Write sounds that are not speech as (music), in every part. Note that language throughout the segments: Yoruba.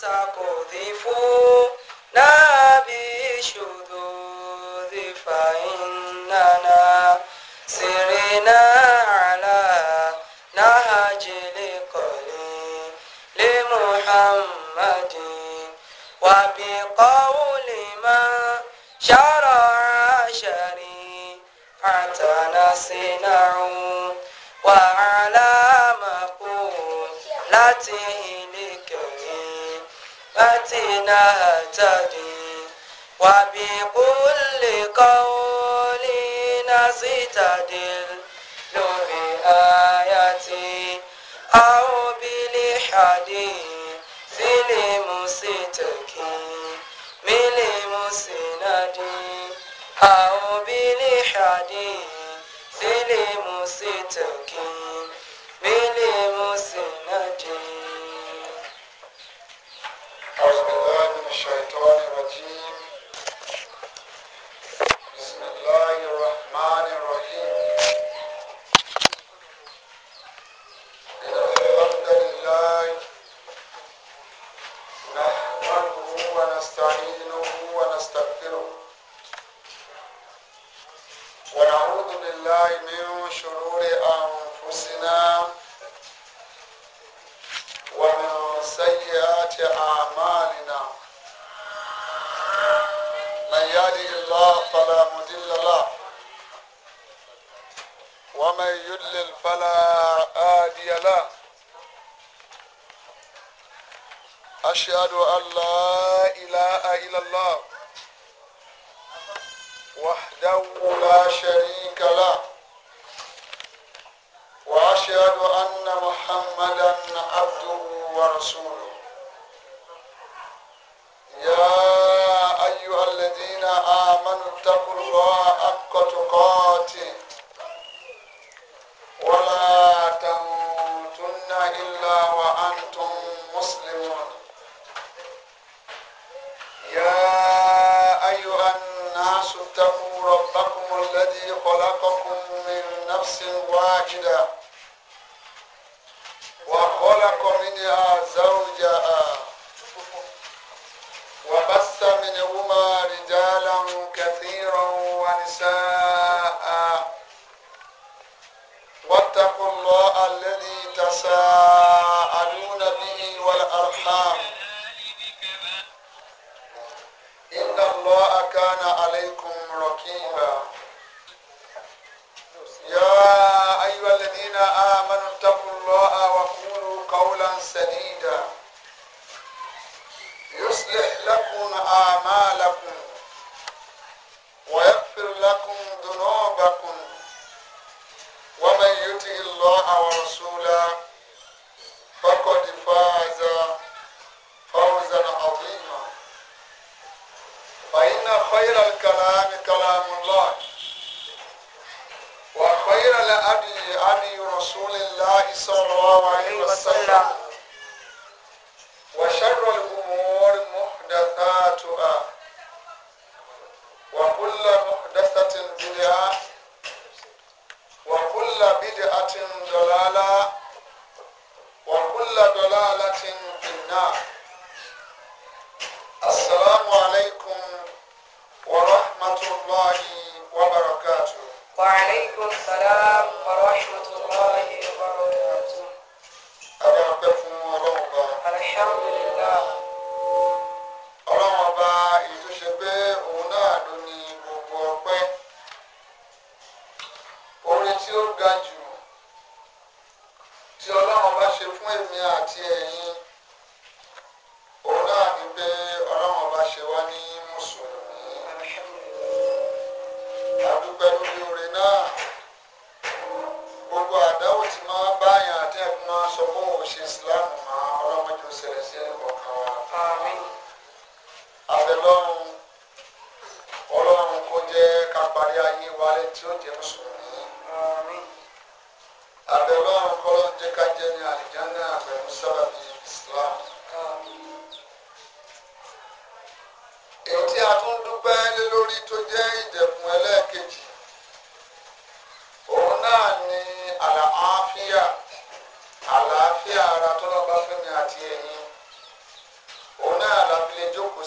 تقذفون نهتدي وبكل قول نستدل لو بآيتي أو بالحديث لمستكي من مسندي أو بالحديث لمستكي من مسندي الرجيم منهما رجالا كثيرا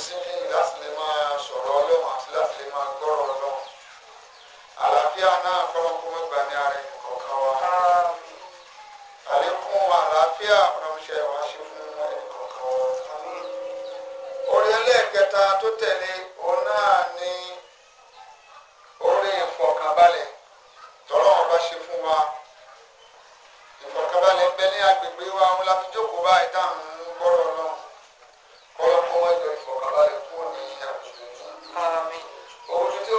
sílé láti lè máa sọ̀rọ̀ ọlọ́run àti láti lè máa gbọ́rọ̀ ọlọ́run àlàáfíà náà kọ́lọ́kú mẹ́gbàá ní ara ẹni kọ̀ọ̀kan wa àlékún àlàáfíà ọlọ́mọṣẹ́ wa ṣe fún ẹni kọ̀ọ̀kan wa orí ẹlẹ́ẹ̀kẹta tó tẹ̀lé òun náà ní orí ìfọ̀kànbalẹ̀ tọ́lọ́run bá ṣe fún wa ìfọ̀kànbalẹ̀ ń bẹ ní jókòó báyìí táwọn ń gbọ́rọ̀ náà kọ́lọ́kọ́ wọn jọ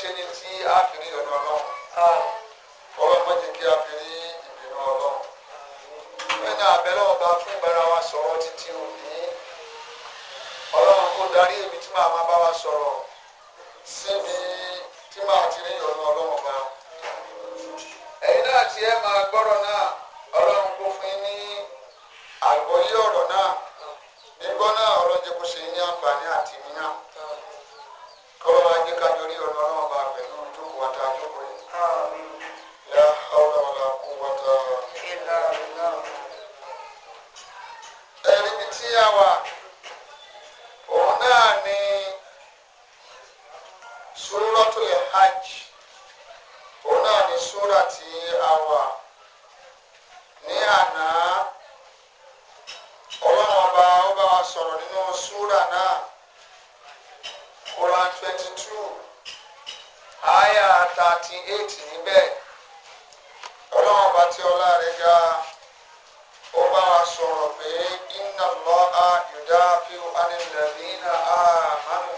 ṣe ní tí a fi rí ọ̀nà ọlọ́run ọlọ́run má jẹ́ kí a fi rí ìbínú ọlọ́run ẹni àbẹ̀rẹ̀ ọba fún ìbára wa sọ̀rọ̀ títí òní ọlọ́run kó darí èmi tí màá má bá wa sọ̀rọ̀ síbi tí màá ti rí ọ̀nà ọlọ́run bá ẹ̀yin náà tí ẹ máa gbọ́rọ̀ náà ọlọ́run kó fún yín ní àgbọ́yé ọ̀rọ̀ náà nígbọ́ náà ọlọ́run jẹ́ ṣe ní àǹfààní àti sọ̀rọ̀ pé inna Allaha yudafi'u 'anil ladhina amanu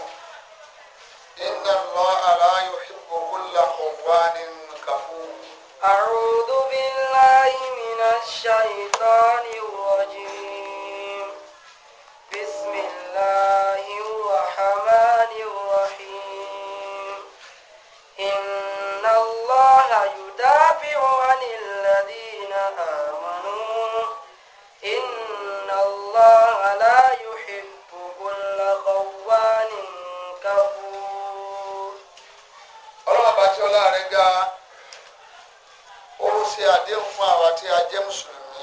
inna Allaha la yuhibbu kulla khuwanin kafur. A'udhu billahi minash shaitani ṣe àdéhùn fún àwa tí a jẹ́ mùsùlùmí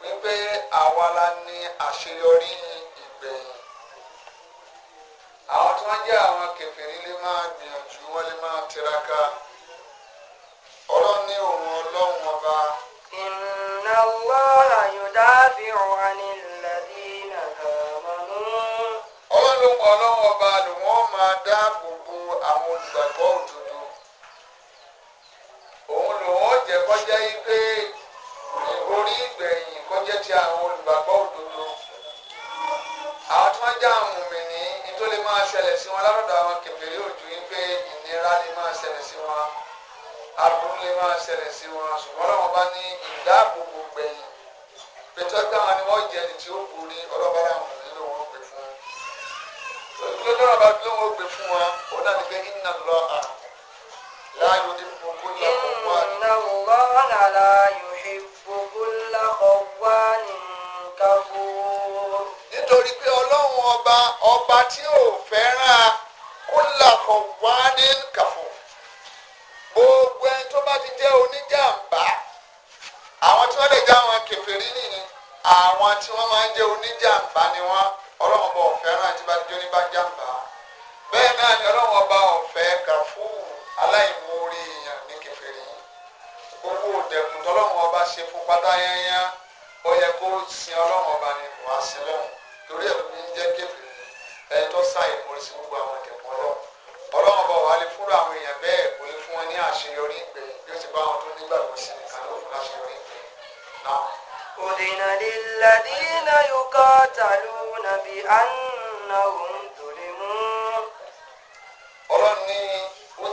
wípé àwa la ní àṣeyọrí ìgbẹ̀yìn àwọn tí wọ́n jẹ́ àwọn kèfèrí lè máa gbìyànjú wọ́n lè máa tiraka ọlọ́run ní òun ọlọ́run ọba. ọlọ́run ọlọ́run ọba lòun ó máa àwọn olùgbàgbọ́ jẹ́ kọjá yìí pé orí ìgbẹ̀yìn kọjá ti àwọn olùgbàgbọ́ òdodo àwọn tí wọ́n já àwọn mi ní tó lè máa ṣẹlẹ̀ sí wọn lárọ̀dọ̀ àwọn kèfèrí òjò yìí pé ìnira lè máa ṣẹlẹ̀ sí wọn aburú lè máa ṣẹlẹ̀ sí wọn ṣùgbọ́n làwọn bá ní ìdáàbòbò gbẹ̀yìn pẹ̀tọ́ táwọn ni wọ́n jẹ́ ẹni tí ó borí ọlọ́ba làwọn nílò wọn pè fún un. òṣìṣẹ́ lọ́rọ̀ bá lóun ó gbé fún wọn òun náà pé iná lọ́ọ́ àrùn. لا يحب كل خوان إن الله لا يحب كل خوان كفور nítorí pé ọlọ́run ọba ọba tí ò fẹ́ràn kúlà kọ̀wáánì kàfọ́ gbogbo ẹni tó bá ti jẹ́ oníjàmbá àwọn tí wọ́n lè já wọn kèfèrí nìyí àwọn tí wọ́n máa ń jẹ́ oníjàmbá ni wọ́n ọlọ́run ọba ọ̀fẹ́ ràn tí bá ti jẹ́ oníjàmbá bẹ́ẹ̀ náà ni ọlọ́run ọba ọ̀fẹ́ kàfọ́ aláìmoore èèyàn ní kèfèrí gbogbo òdẹ̀kùn tọ́lọ́run ọba ṣe fún pátá yányá ó kó sin ọlọ́run ọba ni wà á torí ẹ̀ ló ń jẹ́ ẹni tó sàì moore sí gbogbo àwọn ìdẹ̀kùn ọlọ́run ọlọ́run ọba wà lè fúnra àwọn èèyàn bẹ́ẹ̀ kò lè fún wọn ní àṣeyọrí ìgbẹ́ bí ó ti bá wọn tó nígbàgbọ́ sí nìkan ló fún àṣeyọrí ìgbẹ́ náà. أذن للذين يقاتلون بأنهم ظلموا. ọlọ́run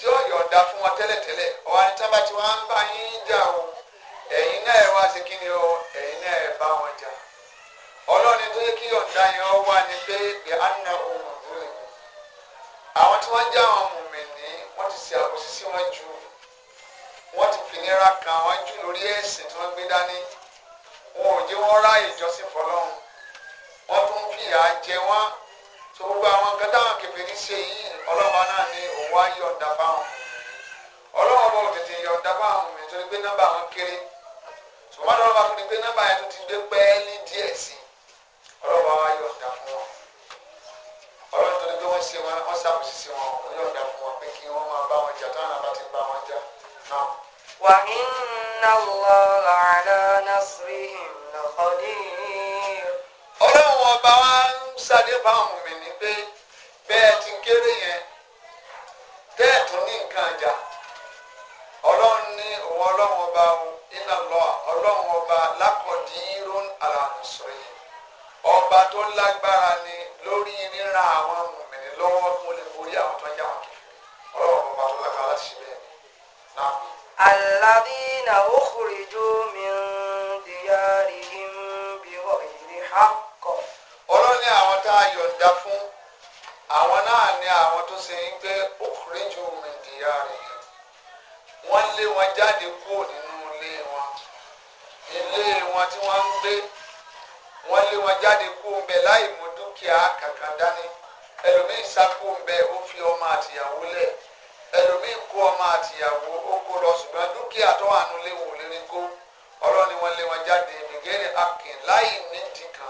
tí ó yọ̀ọ̀da fún wọn tẹ́lẹ̀tẹ́lẹ̀ ọ̀wá ní tábà tí wọ́n ń bá yín jà o ẹ̀yin náà ẹ wá sí kí o ẹ̀yin náà bá wọn jà ọlọ́ni tó yẹ kí yọ̀ọ̀da yẹn ó wá ní pé bí a àwọn tí wọ́n já wọ́n ti so gbogbo àwọn nǹkan táwọn kèfèrí ṣe yìí ọlọ́wọ́ náà ní òun wá yọ̀ǹda fáwọn ọlọ́wọ́ bọ̀ tètè yọ̀ǹda fáwọn mi torí pé nọ́mbà wọn kéré so wọ́n lọ́wọ́ bá ní pé nọ́mbà yẹn tún ti dé pẹ́ẹ́lí díẹ̀ sí ọlọ́wọ́ wá yọ̀ǹda fún wọn ọlọ́wọ́ tó ní pé wọ́n ṣe wọn wọ́n ṣàbùsí sí wọn wọ́n yọ̀ǹda fún wọn pé kí wọ́n máa bá wọn jà táwọn àbá ti bá wọn jà inna Allaha nasrihim laqadir. ọlọ́run ọba wa ń ṣàdébà àwọn mi pé bẹ́ẹ̀ ti kéré yẹn bẹ́ẹ̀ tún ní nǹkan àjà ọlọ́run ní òun ọlọ́run ọba iná lọ ọlọ́run ọba lákọ̀dínrún àlàmùsọ̀rọ̀ yìí ọba tó lágbára ni lórí ríran àwọn mùmìnì lọ́wọ́ mo lè borí àwọn tó ń jà wọn kiri ọlọ́run ọba tó lágbára láti ṣe bẹ́ẹ̀ náà. alladhina ukhrijū min diyārihim bighayri haqq ọlọ́ni àwọn tá a yọ̀ǹda fún àwọn náà ni àwọn tó ṣe ń gbé òkúrẹ́jù mìdíyà rẹ̀ wọ́n lé wọn jáde kúrò nínú ilé wọn ilé wọn tí wọ́n ń gbé wọ́n lé wọn jáde kúrò ń bẹ láì mú dúkìá kankan dání ẹlòmíín sákó ń bẹ ó fi ọmọ àtìyàwó lẹ̀ ẹlòmíín kó ọmọ àtìyàwó ó kó lọ ṣùgbọ́n dúkìá tó wà nílé wò lérí kó ọlọ́ni wọ́n lé wọn jáde mìgẹ́rẹ́ akìn láì nídìí kan.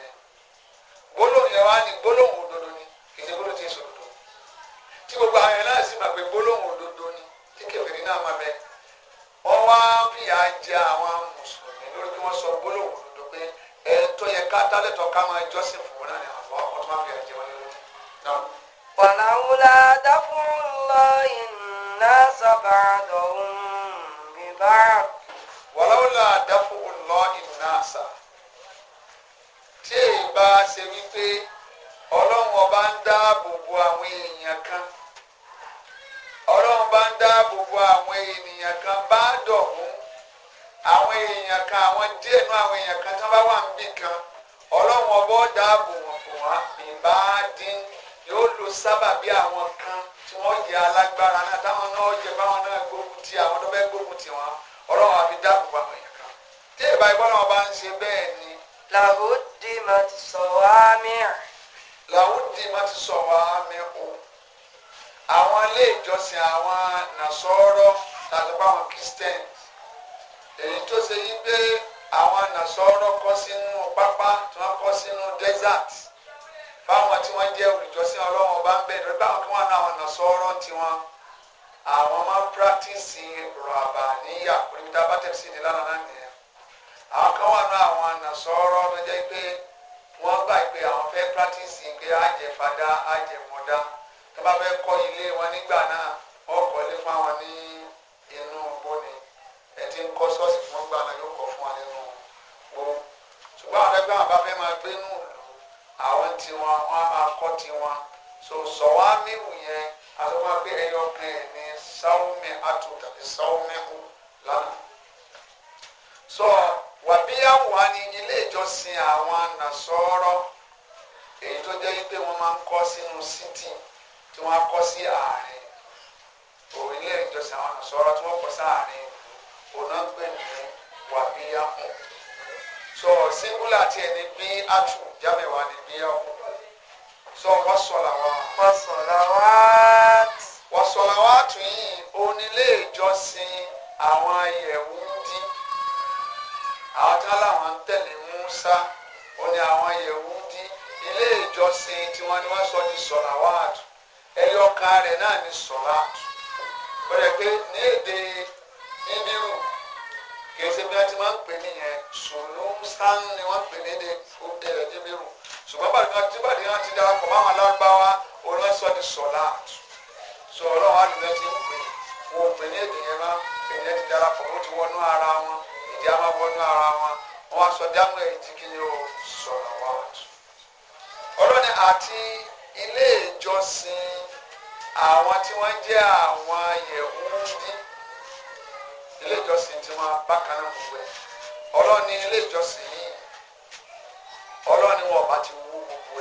gbólóhùn yẹn wá ní gbólóhùn òdodo ni kìí gbólóhùn tí ń sọ òdodo tí gbogbo àwọn yẹn náà sì máa pé gbólóhùn òdodo ni tí kèfèrí náà máa bẹ wọn wá fìyà jẹ àwọn mùsùlùmí lórí bí wọn sọ gbólóhùn òdodo pé ẹ tó yẹ ká dálẹ́tọ̀ ká máa jọ́sìn fún wọn náà ni àwọn ọmọ tó máa fìyà jẹ wọn lórí náà. wàláwùlá dáfúnlọ iná sábàdàn bíbá. wàláwùlá dáfúnlọ iná sábàdàn tí èèbá ṣe wípé ọlọ́run ọba ń dáàbò bo àwọn èèyàn kan ọlọ́run bá ń dáàbò bo àwọn èèyàn kan bá dọ̀hún àwọn èèyàn kan àwọn díẹ̀ nú àwọn èèyàn kan tí wọ́n bá wà níbì kan ọlọ́run ọba ó dáàbò wọn fún wa ìbá dín yóò lo sábàbí àwọn kan tí wọ́n yẹ alágbára náà táwọn náà yẹ báwọn náà gbógun ti àwọn tó fẹ́ gbógun ti wọn ọlọ́run àfi dáàbò bo àwọn èèyàn kan tí èèbá ìbọn bá ń ṣe bẹ́ẹ̀ ni لهدمت صوامع لهدمت صوامع àwọn ilé ìjọsìn àwọn nàṣọ́rọ́ tàbí àwọn christian èyí tó ṣe yí pé àwọn nàṣọ́rọ́ kọ́ sínú pápá tí wọ́n kọ́ sínú desert báwọn tí wọ́n jẹ́ olùjọsìn ọlọ́wọ́n bá ń bẹ̀ lórí báwọn kí wọ́n ná àwọn nàṣọ́rọ́ tiwọn àwọn máa ń practice rọ̀bà níyà oníbi tá a bá lánàá náà nìyẹn. àwọn kan àwọn jẹ́ pé wọ́n gbà pé àwọn fẹ́ pírátìsì pé àjẹfàdá àjẹmọ́dá tó bá fẹ́ ilé wọn nígbà náà fún àwọn ní inú bóni ẹ ti ń fún gbà fún wọn nínú gbó àwọn bá máa tiwọn wọn á tiwọn so yẹn gbé ẹyọ kan ní àtò tàbí lánàá. wàbíyàwó wa ni ilé ìjọsìn àwọn nàṣọ́rọ́ èyí tó jẹ́ wípé wọ́n máa ń kọ́ sínú sítì tí wọ́n á kọ́ sí àárín ilé ìjọsìn àwọn nàṣọ́rọ́ tí wọ́n kọ́ sí àárín òun náà ní wàbíyàwó so singular tiẹ̀ ní bí àtù jábẹ̀wá ní bíyàwó so wọ́sọ̀là wa. wọ́sọ̀là wa. wọ́sọ̀là wa tún yìí onílé ìjọsìn àwọn ayẹ̀wò àwọn tí wọ́n láwọn ń tẹ̀lé Musa ó ní àwọn Yehudi ilé ìjọsìn tí wọ́n ní wọ́n sọ ní sọ̀làwàtù ẹyọ kan rẹ̀ náà ní sọ̀làtù ó rẹ̀ pé ní èdè Hébérù kì í ṣe bí wọ́n ti máa ń pè nìyẹn sùnúnsán ni wọ́n pè ní èdè Hébérù ṣùgbọ́n bàtà tí bàtà yẹn ti darapọ̀ mọ́ àwọn alágbáwá olóńsọ ní sọ̀làtù sọ̀rọ̀ àwọn àdúgbò ti ń pè wọ́n pè ní èdè yẹn máa ènìyàn ti darapọ̀ mọ́ ti wọnú ara wọn. ìdí amábọ́nú ara wọn wọn aṣọ dáhùn èyí tí kí ni ó sọ̀rọ̀ àti ilé ìjọsìn àwọn tí wọ́n jẹ́ àwọn yẹ̀húndí ilé ìjọsìn tí bákan náà wù ilé ìjọsìn yìí ọlọ́ni wọn ọba ti wu gbogbo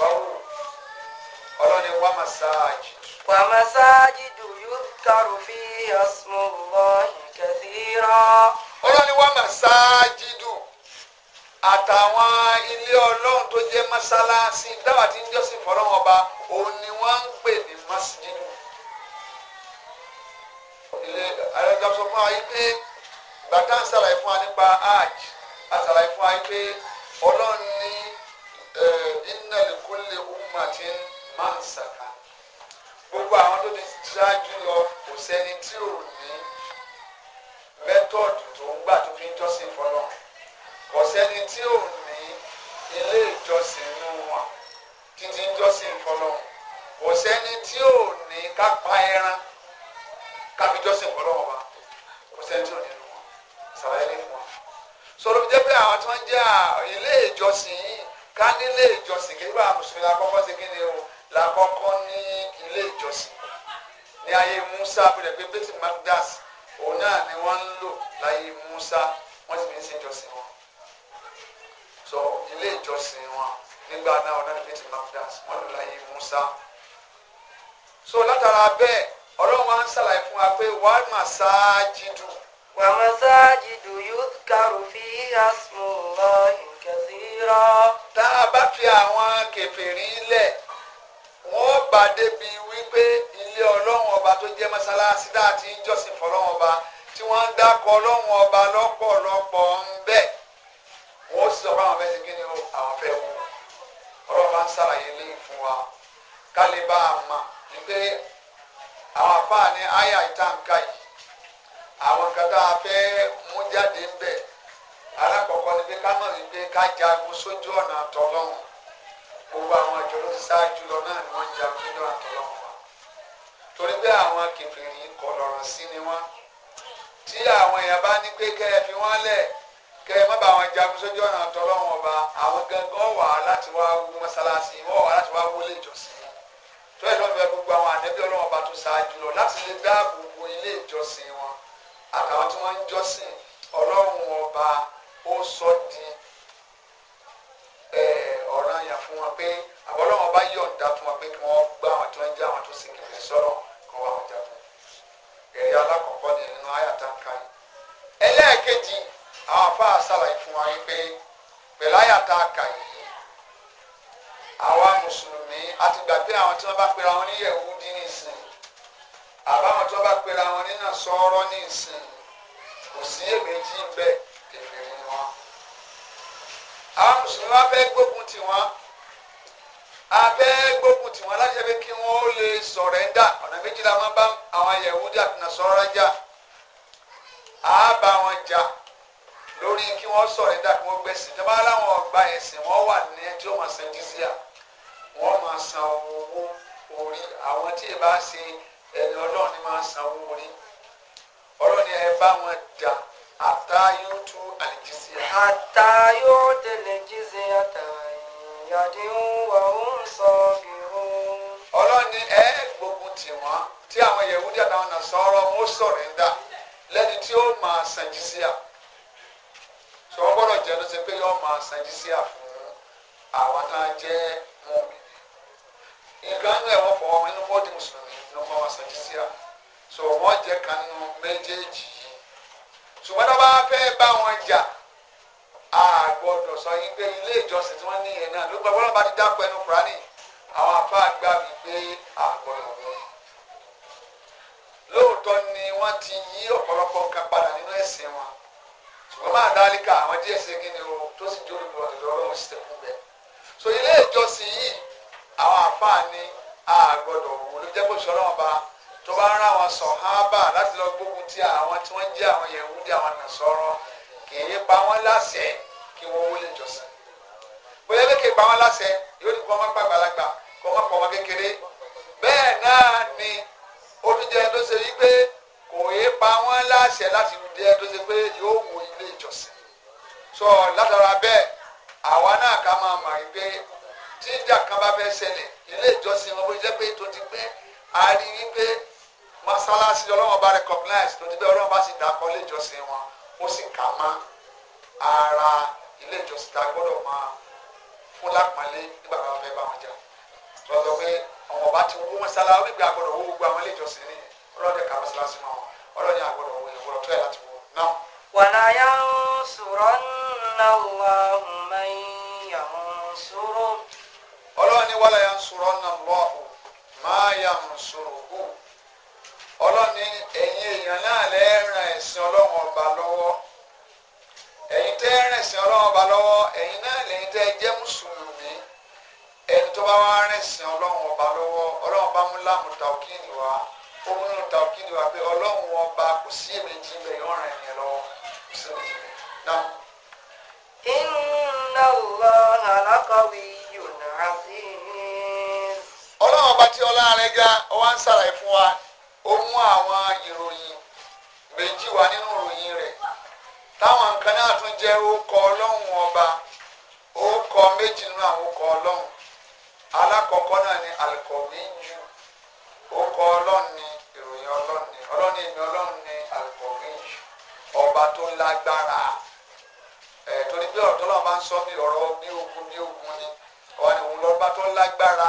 ọba wù dùn yóò fi kẹsìrọ. ọlọ́ni wà màsáájídù àtàwọn ilé ọlọ́run tó jẹ́ mọ́sálásí dáwà tí ń jọ́sìn fọlọ́run ọba òun ni wọ́n ń pè ní mọ́sídìdù. ilé ayọ̀dá sọ fún wa yìí pé bàtà ń ṣàlàyé fún wa nípa hajj a ṣàlàyé fún wa yìí pé ọlọ́run ní eh, inna li kulli ummatin man saka gbogbo àwọn tó ti ṣáájú lọ kò sẹ́ni tí ò ní mẹ́tọ́ọ̀dù tó ń gbà tó fi ń jọ́sìn fọlọ́ kò sẹ́ni tí ò ní ilé ìjọsìn nù wọn títí ń jọ́sìn fọlọ́ kò sẹ́ni tí ò ní ká pa ẹran ká fi jọ́sìn fọlọ́ wọn wa kò sẹ́ni tí ò ní nù wọn sàlàyé ní fún wa. sọ̀rọ̀ mi jẹ́ pé àwọn tí wọ́n jẹ́ ilé ìjọsìn yìí ká nílé ìjọsìn kí nígbà mùsùlùmí la kọ́kọ́ kí ni o la ní ilé ìjọsìn ní ayé Musa bẹ̀rẹ̀ pé bẹ́tì magdas òun náà ni wọ́n ń lò láyé Musa wọ́n sì fi ń ṣe wọn so ilé ìjọsìn wọn nígbà náà ọ̀nà ìfẹ̀sì makdas wọ́n lò láyé Musa so látara bẹ́ẹ̀ ọ̀rọ̀ wọn á ń ṣàlàyé fún wa pé wàá mà sáá jìdù. ومساجد يذكر فيها اسم الله كثيرا. tá a bá fi àwọn kèfèrí lẹ̀ wọ́n bá débi wípé ilé ọlọ́run ọba tó jẹ́ mọ́sálásí láti ń fọlọ́run ọba tí wọ́n ń dákọ̀ ọlọ́run ọba lọ́pọ̀lọpọ̀ ń bẹ̀ wọ́n sì sọ fún kí ni àwọn fẹ́ wù ọlọ́run bá ń sàlàyé lé fún wa àyà ìtànká yìí àwọn gbogbo àwọn àjọ ló ti ṣáájú lọ náà ni wọ́n ń jagun nínú àtọ́lọ́ wọn torí pé àwọn kẹfìrì kọlọ̀rọ̀ sí ni wọ́n tí àwọn èèyàn bá ní pé kẹ́ ẹ fi wọ́n lẹ̀ kẹ́ ẹ má bá wọn jagun sójú ọ̀nà àtọ́lọ́ wọn ba àwọn gangan wà láti wá wú mọ́sálásí wọ́n wà láti wá wọlé ìjọsìn tó ẹ̀ lọ́ọ́ fẹ́ gbogbo àwọn àdẹ́bí ọlọ́wọ́n bá tó ṣáájú lọ láti lè dáàbò bo ilé ìjọsìn wọn àtàwọn tí wọ́n fún wọn pé àwọn ọlọ́wọ́n bá yọ̀ǹda fún wọn pé kí wọ́n gbá àwọn tí wọ́n jẹ́ àwọn tó sì kìlẹ̀ sọ̀rọ̀ kọ́ wa ọjà fún ẹ̀rí alákọ̀ọ́kọ́ ni nínú àyàtà ká yìí ẹlẹ́ẹ̀kejì àwọn afáà ṣàlàyé fún wa wípé pẹ̀lú àyàtà ká yìí àwa mùsùlùmí àti gbà pé àwọn tí wọ́n bá pera wọn ní Yẹhudi nísìn àbáwọn tí wọ́n bá pera wọn ní Nasara nísìn kò sí èméjì ń bẹ kèfèrí wọn àwọn mùsùlùmí wá fẹ́ gbógun tiwọn abẹ́ gbógun tiwọn aláṣẹ pé kí wọ́n lè sọ̀rẹ́ńdà ọ̀nà méjìlá máa bá àwọn Yahudi àti Nasara jà á bá wọn jà lórí kí wọ́n sọ̀rẹ́ńdà kí wọ́n gbẹ̀sìn tí wọ́n bá láwọn ọgbà ẹ̀sìn wọ́n wà ní ẹni tí wọ́n máa san dísíà wọ́n máa san owó orí àwọn tí ì bá ṣe ẹni ọlọ́run ni máa san owó orí ọlọ́run ni ẹ bá wọn jà àtayótú àlèjìsíà. àtayótú àlèjìsíà tàà. ọlọ́run ẹ gbógun tì wọ́n tí àwọn yẹ̀wúdí àtàwọn náà sọ̀rọ̀ wọn sọ̀rọ̀ ń dà lẹ́ni tí ó máa san jizíà tí wọ́n gbọ́dọ̀ jẹ́ ló ṣe pé yóò máa fún àwọn tá a jẹ́ mi nǹkan wọ́n inú bọ́ọ̀dì mùsùlùmí ló máa wọ́n jẹ́ kan nínú a gbọ́dọ̀ sọ yín pé ilé ìjọsìn tí wọ́n ní yẹn náà ló gbọ́ bọ́lá bá ti dápọ̀ ẹnu kúránì àwọn afá gbà wí pé a gbọ́dọ̀ lọ. lóòótọ́ ni wọ́n ti yí ọ̀pọ̀lọpọ̀ nǹkan padà nínú ẹ̀sìn wọn ṣùgbọ́n máa dálíkà àwọn díẹ̀ sí kí ni o tó sì dúró lọ lọ́rùn sí tẹ̀kún bẹ́ẹ̀. so ilé ìjọsìn yìí àwọn afá ni a gbọ́dọ̀ òun ló jẹ́ kèé pa wọ́n láṣẹ kí wọ́n wọlé jọsìn bóyá bí kèé pa wọ́n láṣẹ yóò ní kó ọmọ gbàgbàlagbà kó ọmọ pọ̀ ọmọ kékeré bẹ́ẹ̀ náà ni ó tún jẹ́ tó ṣe wípé kò yé pa wọ́n láṣẹ láti jẹ́ tó ṣe pé yóò wọ ilé ìjọsìn sọ látara bẹ́ẹ̀ àwa náà ká máa mọ̀ wípé tí ìjà kan bá fẹ́ ṣẹlẹ̀ ilé ìjọsìn wọn bó jẹ́ pé tó ti pé a rí wípé mọ́sálásí ọlọ́wọ́n bá recognize tó ti pé ọlọ́wọ́n bá sì dàpọ̀ ilé ìjọsìn wọn wọ́n sì ara ilé ìjọsìn tá gbọ́dọ̀ máa fún lápọ́nlé nígbà tá a fẹ́ bá wọn jà lọ́dọ̀ pé àwọn ọba ti gbogbo àwọn ilé ìjọsìn ní ọlọ́dẹ kà mọ́sálásí mọ́ wọn ọlọ́dẹ àgbọ̀dọ̀ wó ìwọ̀rọ̀ tó yẹ láti náà. ọlọ́ni ní ẹ̀yin èèyàn náà ẹ̀sìn ọlọ́run ọba lọ́wọ́ ẹ̀yin tẹ́ ràn ẹ̀sìn ọlọ́run ọba lọ́wọ́ ẹ̀yin náà lẹ́yìn tẹ́ jẹ́ mùsùlùmí ẹni tó bá wá ẹ̀sìn ọlọ́run ọba sí lọ́wọ́ ọlọ́run ọba tí o mú àwọn ìròyìn méjì wá nínú ìròyìn rẹ̀ táwọn nǹkan náà tún jẹ́ orúkọ ọlọ́run ọba orúkọ méjì nínú àwọn orúkọ ọlọ́run alákọ̀ọ́kọ́ náà ni alikọ̀mí ju orúkọ ọlọ́run ni ìròyìn ọlọ́run ni ọlọ́run ọba tó lágbára ẹ̀ torí bí ọ̀rọ̀ tó lọ́wọ́ máa ń sọ bí ọ̀rọ̀ ni ọ̀rọ̀ ni òun lọ́ba tó lágbára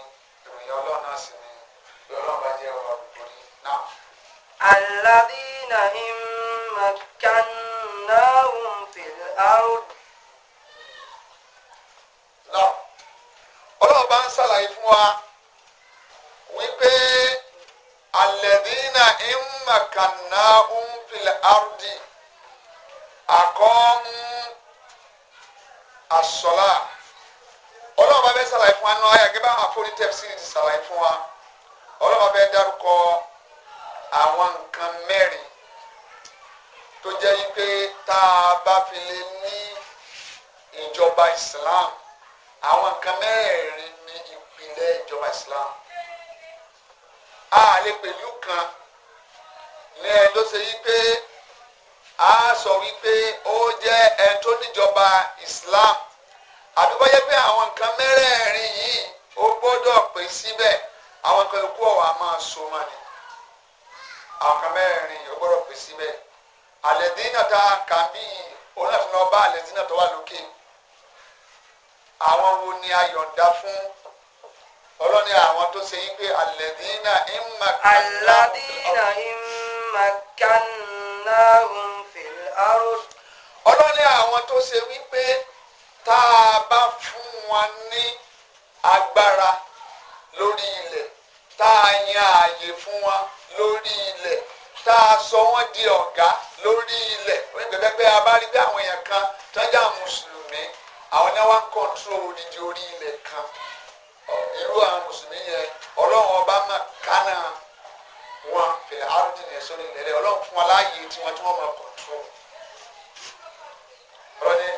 ìyá ọlọ́run náà sì ni ìyá ọlọ́run bá jẹ́ ọ̀rọ̀ الذين إن مكناهم في الأرض náà ọlọ́run wípé alẹ́dínà ìmàkànnà ńfìlẹ̀ àrùdì àkọ́mú àsọ̀lá ọlọ́run bá bẹ ṣàlàyé fún wa náà ayé àgẹ́bá àwọn afọ́ni tafsiri ti ṣàlàyé fún wa ọlọ́run bẹ dárúkọ àwọn nǹkan mẹ́rin tó jẹ́ wípé tá a bá fi lè ní ìjọba Islam àwọn nǹkan mẹ́rin ní ìpìlẹ̀ ìjọba Islam a lè pẹ̀lú kan ní ẹ ló ṣe wípé a sọ wípé ó jẹ́ ẹ tó níjọba Islam àdúgbò yẹ pé àwọn nǹkan mẹ́rẹ̀ẹ̀rin yìí ó gbọ́dọ̀ pé síbẹ̀ àwọn nǹkan ikú ọ̀wà máa so mọ́ ni àwọn nǹkan mẹ́rẹ̀ẹ̀rin yìí ó gbọ́dọ̀ pé síbẹ̀ àlẹ́dínà tá a kà wà lókè àwọn wo ni a fún ọlọ́ni àwọn tó ṣe yín pé àlẹ́dínà ìmà ọlọ́ni àwọn tó ṣe wípé tá a bá fún wọn ní agbára lórí ilẹ̀ tá a yan ààyè fún wọn lórí ilẹ̀ tá a sọ wọ́n di ọ̀gá lórí ilẹ̀ pẹ́pẹ́pẹ́ a bá rí bí àwọn èèyàn kan tọ́jà mùsùlùmí àwọn náà wá ń kọ́ńtró odidi orí ilẹ̀ kan irú àwọn mùsùlùmí yẹn ọlọ́run ọba mà kánà wọn fèrè àrùn dìní ọlọ́run fún wọn láàyè tí wọ́n máa kọ́ńtró.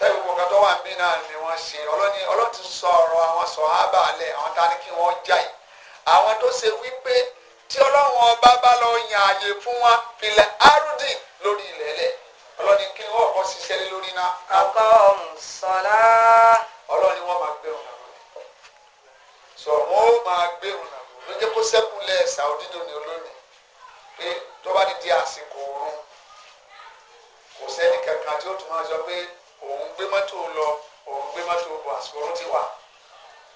tẹ́lẹ̀ gbogbo nǹkan tó wà mí náà ni wọ́n ṣe ọlọ́ni ọlọ́tí sọ̀rọ̀ àwọn sọ̀hábà lẹ̀ àwọn ta ni kí wọ́n jà yìí àwọn tó ṣe wípé tí ọlọ́run ọba bá lọ yàn àyè fún wa ilẹ̀ arúdì lórí ilẹ̀ lẹ̀ ọlọ́ni kí wọ́n kọ́ ṣiṣẹ́ lé lórí náà. ọkọ sọlá. ọlọ́ni wọ́n máa gbẹ̀rù náà sọ wọ́n máa gbẹ̀rù náà ló jẹ́ kó sẹ́kù lẹ̀ òun gbé mọ́tò lọ òun gbé mọ́tò bọ̀ àsìkò ti wà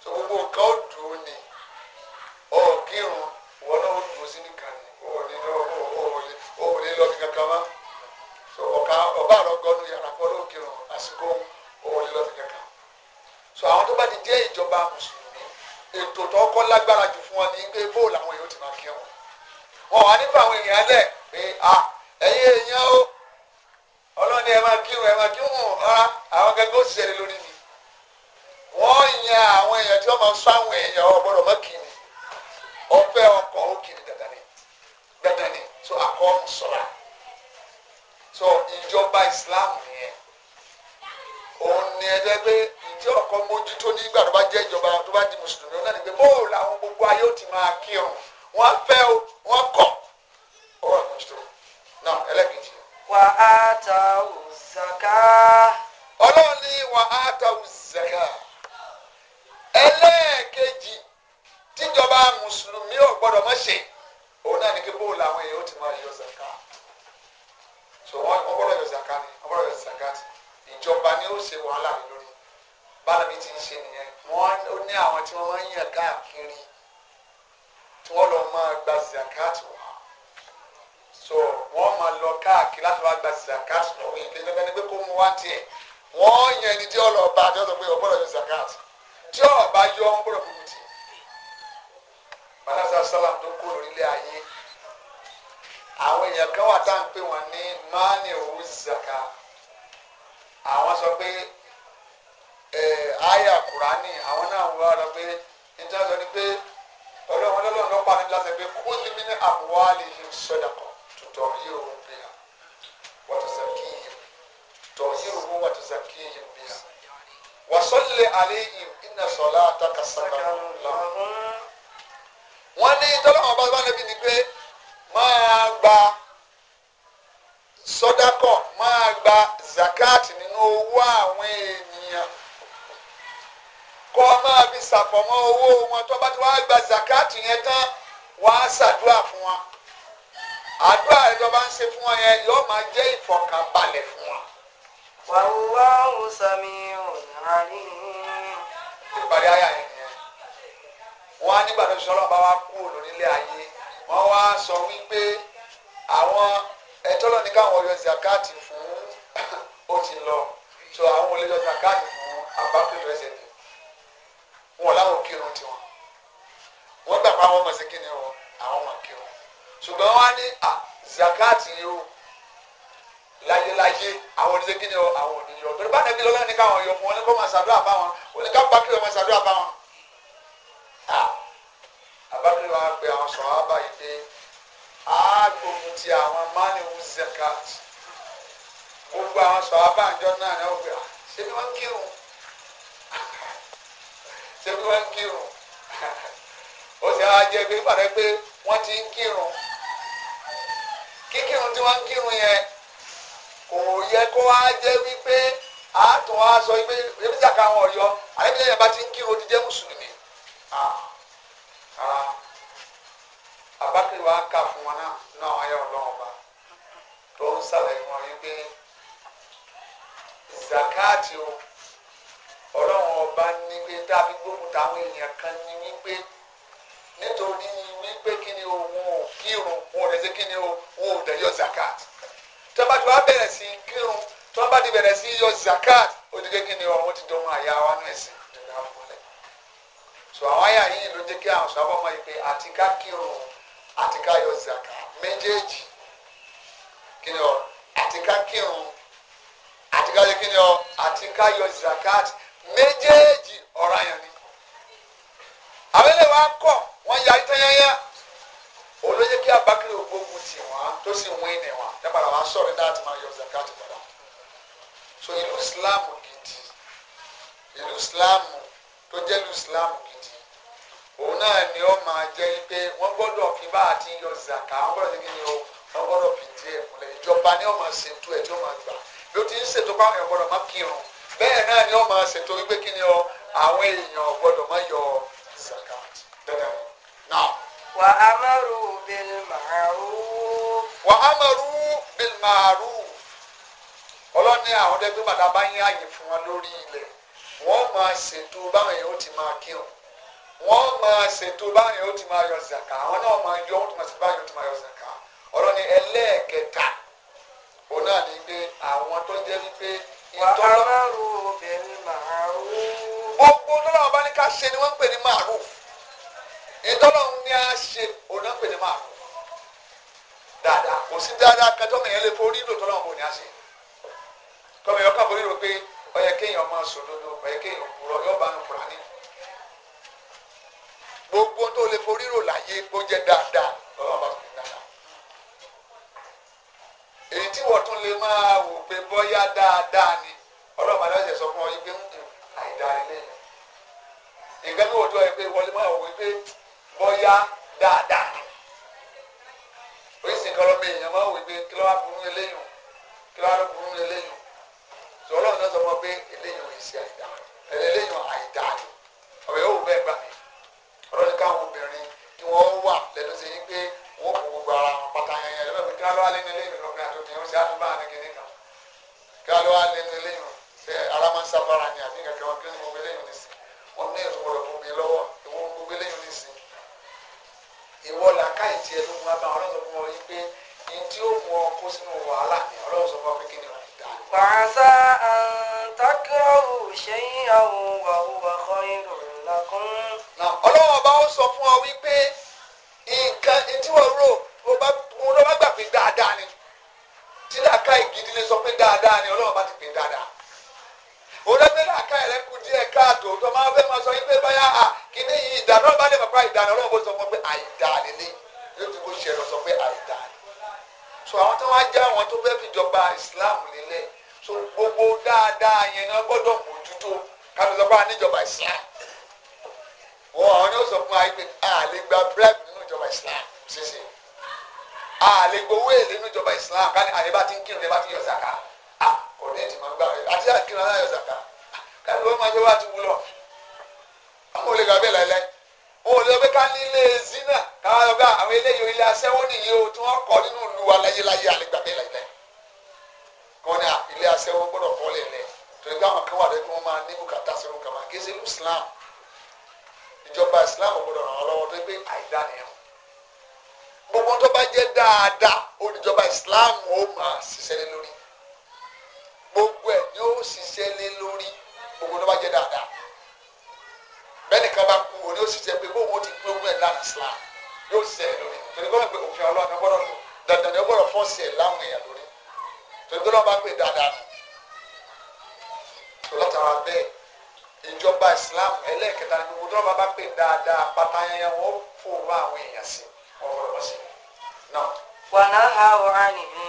tó gbogbo nǹkan ó ni ọ̀ọ́kírun wọn náà ó dùn sí nìkan ni òun ní so àwọn tó bá ti jẹ́ ìjọba mùsùlùmí ètò tó lágbára jù fún wọn ni pé bóòlù ọlọ́ni ẹ máa kírun ẹ máa kírun rárá àwọn gẹ́gẹ́ ó ṣẹlẹ̀ lórí mi wọ́n yan àwọn èèyàn tí wọ́n máa sọ àwọn èèyàn ọgbọ́dọ̀ mọ́ kìíní ọ̀fẹ́ ọkọ̀ ó kiri dandan ni dandan ni so akọ́ ń so ìjọba Islam nìyẹn òun ni ẹ jẹ́ pé ìdí ọkọ̀ mójútó nígbà tó bá jẹ́ ìjọba tó bá di mùsùlùmí ni pé làwọn gbogbo ayé ó ti máa kírun wọ́n fẹ́ wọ́n kọ̀ ọ̀rọ̀ mùsùlùmí náà Wa á òzàká. ọlọ́run ní wà á ta òzàká. ẹlẹ́ẹ̀kejì tíjọba mùsùlùmí ò gbọ́dọ̀ mọ̀ ṣe òun náà ní kí bóòlù àwọn èèyàn ó ti máa yọ zaka so wọ́n gbọ́dọ̀ yọ zaka ni wọ́n gbọ́dọ̀ yọ ni ó ṣe wàhálà mi bára mi ti ń ṣe nìyẹn wọ́n ní àwọn tí wọ́n máa ń yàn káàkiri tí wọ́n lọ máa gba so wọ́n máa lọ káàkiri láti wá gba zakat lọ́wọ́ yìí lẹ́nu ẹni pé kó mu wá tiẹ̀ wọ́n yan ẹni tí ọlọ́ọ̀bá àti ọ̀sán pé ọ̀gbọ́dọ̀ yọ zakat tí ọ̀bá yọ ń gbọ́dọ̀ fún mi tì malasa salam tó kó lórílẹ̀ ayé àwọn èèyàn kan wà tá à ń pè wọ́n ní mani owó zaka àwọn sọ pé aya eh, kurani àwọn náà wọ́n rọ pé níta sọ ni pé ọlọ́run ọlọ́run lọ́pàá níta sọ pé kó ní mí ní àbúwá lè yí sọ́dà تطهرهم بها وتزكيهم تطهرهم وتزكيهم بها وصل عليهم إن صلاتك سكن لهم wọ́n ní tọ́lọ́mọ bá bá ni pé máa gba sọ́dákọ̀ máa gba zakat nínú owó àwọn ènìyàn kọ́ máa fi ṣàfọ̀mọ́ owó wọn tó bá ti wá gba zakat yẹn tán wàá ṣàdúrà fún wọn àdúrà rẹ tó bá ń ṣe fún ọ yẹn yóò máa jẹ́ ìfọ̀kànbalẹ̀ fún wa. wàhùwà ọ̀sàmì ọ̀nàní. ìparí ayà yẹn nìyẹn wọn á nígbà tó sọ̀rọ̀ bá wa kú òun nílé ayé wọn wá sọ wípé àwọn ẹ̀tọ́ lọ ní káwọn yọ zakati fún ó ti lọ so àwọn olè yọ zakati fún abákùnrin ẹsẹ̀ ni wọn làwọn kírun tiwọn wọn gbà pé àwọn ọmọ sí kíni o àwọn ọmọ kírun ṣùgbọ́n wọ́n ní zakati yóò láyéláyé àwọn oníṣẹ́ kí ni àwọn oníyọ torí bá nàbí lọ́lá ní káwọn yọ fún wọn ní kó máa ṣàdúrà bá wọn wọn ní ká bákìrì máa ṣàdúrà bá wọn. àbábílẹ̀ wa pe àwọn sọ̀rọ̀ àbá yìí pé àgbòmù ti àwọn mániwu zakat gbogbo àwọn sọ̀rọ̀ àbá àjọ náà náà wò ṣé bí wọ́n kírun (laughs) ṣé bí wọ́n kírun (laughs) ó sì á jẹ́ pé pàdé pé wọ́n ti ń kírun. kíkírun tí wọ́n ń kírun yẹn kò yẹ kó wá jẹ́ wípé àtọ̀ wá sọ wípé ebi tí a kà wọ́n yọ àyẹ̀bí lẹ́yìn bá ti ń kírun ti jẹ́ mùsùlùmí àbákẹ́ wa kà fún wọn náà náà wọ́n ọba tó ń sàlàyé wọn wípé o ọba ní pé táwọn èèyàn kan pé kí ni o wọn ò kírun wọn ò lè ṣe kí ni o wọn ò lè yọ zakat tí wọ́n bẹ̀rẹ̀ sí kírun tí ti bẹ̀rẹ̀ sí yọ zakat ó ti pé kí ni o ti dọ̀mọ́ àyà wa náà ẹ̀sìn so àwọn àyà yìí ló jẹ́ kí àwọn sábà mọ̀ pé àti ká kírun àti ká yọ zakat méjèèjì kí ni o àti ká kírun àti ká yọ kí ni o àti ká yọ zakat méjèèjì ọ̀ranyàn ni àwọn ilé wa kọ̀ wọ́n yarí tán yányá olóyè kí abakiri ògbógun tì wọ́n tó sì wín ní ya gbara padà sọ̀rọ̀ dáàtì máa yọ so ilu Slam gidi ilu Slam, tó jẹ́ ìlú islam gidi òun náà ni ọ ma jẹ́ ipe wọn gbọ́dọ̀ fi bá àti yọ zaka fi fi ìjọba ni ṣètò tí gbà bí ti ń ṣètò yọ zaka وأمروا بالمعروف وأمروا ọlọ́ni àwọn ọdẹ gbé bàtà yín àyè fún wọn lórí ilẹ̀ wọ́n máa ṣètò báwọn èèyàn ti máa kírun wọ́n máa ṣètò báwọn èèyàn ti máa yọ zàkà àwọn náà máa yọ wọ́n ti máa ṣètò báwọn ti máa yọ ọlọ́ni ẹlẹ́ẹ̀kẹta òun náà ni pé àwọn tó jẹ́ wípé ìtọ́lọ́. wàhálà rò gbogbo tó ni wọ́n ìtọ́lọ́hún ni a ṣe ọ̀nà pèlè máa rọ̀ dáadáa kò sí dáadáa kẹtọ́ mẹ́yẹn lè forí lò tọ́lọ́hún bò ní a ṣe kọ́mọ yọ káàbọ̀ rírò pé ọyẹ kéèyàn máa sọ dodo ọyẹ kéèyàn kúrọ yọ bá ń kúrà ní. gbogbo tó lè forí rò láyé kó jẹ dáadáa lọ́wọ́ bá fi dáadáa. èyí tí wọ́n tún lè máa wò pé bọ́yá dáadáa ni ọlọ́mọ aláṣẹ sọ fún ọ yìí pé ń dùn àìdáa ilé ìgbẹ́ mi wò tó ẹ pé wọlé máa wò pé bọ́yá dáadáa oríṣi nǹkan lọ́mọ èèyàn máa ń wò pé kí ló wá burú eléyìí kí ló wá burú eléyìí sọ ọlọ́run náà sọ wọn pé eléyìí ò ṣe àìdá eléyìí àìdá ni ọ̀rọ̀ yóò bẹ́ẹ̀ gbà mí ọ̀rọ̀ ní káwọn obìnrin tí wọ́n wà lẹ́nu sí yín pe wọ́n kò gbogbo ara wọn pátá yẹn yẹn lọ́wọ́ pé kí ló wá lẹ́nu eléyìí lọ́kùnrin àti obìnrin ó ṣe àdúgbò àná kìíní kan kí ló wá lẹ́nu eléyìí ṣe ara máa ń sábàrà ni àbí kẹ̀kẹ́ wọn kí wọ́n gbogbo eléyìí ní sí wọ́n ní fún mi lọ́wọ́ ìwọ́n gbogbo eléyìí ní sí ìwọ làákàyè tiẹ̀ ló mú abá ọlọ́run fún ọ yí pé ní tí ó mú ọ kó sínú wàhálà ni ọlọ́run sọ fún ọ pé kí ni wọ́n dá. fàṣà àǹtákìrọ̀rù ṣẹ́yìn àwọn wàhùwà kan ìrọ̀rùn lákún. ọlọ́run ọba ó sọ fún ọ wípé nǹkan tí wọ́n rò mo lọ́ gbà pé dáadáa ni tí làákàyè gidi lè sọ pé dáadáa ni ọlọ́run bá ti pè dáadáa olóògbélà ká ẹ̀rẹ́ kú díẹ̀ káàtó tó máa fẹ́ máa sọ yín pé báyà á kíní yìí ìdáná bá lè bàbá ìdáná ọlọ́run bó sọ fún pé àìdá lélẹ̀ yóò ti bó ṣe lọ sọ pé àìdá ni. so àwọn tó wá já àwọn tó fẹ́ fìjọba Islam lélẹ̀ so gbogbo dáadáa yẹn náà gbọ́dọ̀ mójútó káfí sọ pé a níjọba Islam wọ́n àwọn yóò sọ fún wa pé a lè gba bribe nínú ìjọba Islam sísè a lè gbowó èlé nínú ìjọba Islam ká ní àdébá ti ń kírun àdébá ti yọ sàkáà kò ní ìdìmọ̀ gbà rẹ̀ àti àkínra láyọ̀ zaka káàdì wọ́n máa jẹ́ wá ti wúlọ̀ àwọn olè gbàgbé láìláì wọn ò lọ pé ká ní ilé zina káwọn ọgbà àwọn eléyìí ilé aṣẹ́wó nìyí o tí wọ́n kọ́ nínú ìlú wa láyéláyé àlégbàgbé láìláì wọn ni ilé aṣẹ́wó gbọ́dọ̀ kọ́ lẹ̀lẹ́ torí pé àwọn kan wà lẹ́kọ́ wọn máa ní bùkátà sẹ́wọ́n kàmá kí ṣe lu Islam ìjọba Islam gbọ́dọ̀ ràn án lọ́wọ́ tó gbé àìdá nìyẹn gbogbo tó bá jẹ́ dáadáa olùjọba Islam ó máa ṣiṣẹ́ lórí gbogbo ẹ̀ yóò ṣiṣẹ́ lé lórí gbogbo ló bá jẹ́ dáadáa bẹ́ẹ̀ni kan bá kú òní ó ṣiṣẹ́ pé bóun ó ti gbé owó ẹ̀ lánàá sílá yóò ṣiṣẹ́ lórí torí gbọ́dọ̀ pé òfin ọlọ́run gbọ́dọ̀ lò dandan ni ó gbọ́dọ̀ fọ́ọ̀sì ẹ̀ láwọn èèyàn lórí torí gbọ́dọ̀ bá pè dáadáa nù lọ́tara bẹ́ẹ̀ ìjọba Islam ẹlẹ́ẹ̀kẹta ni gbogbo dọ́ọ̀bá bá pè dáadáa pátáyẹyẹ wọn fòrò àwọn èèyàn sí ọ̀rọ̀ lọ́sẹ̀ náà. wàhálà àwọn àníbí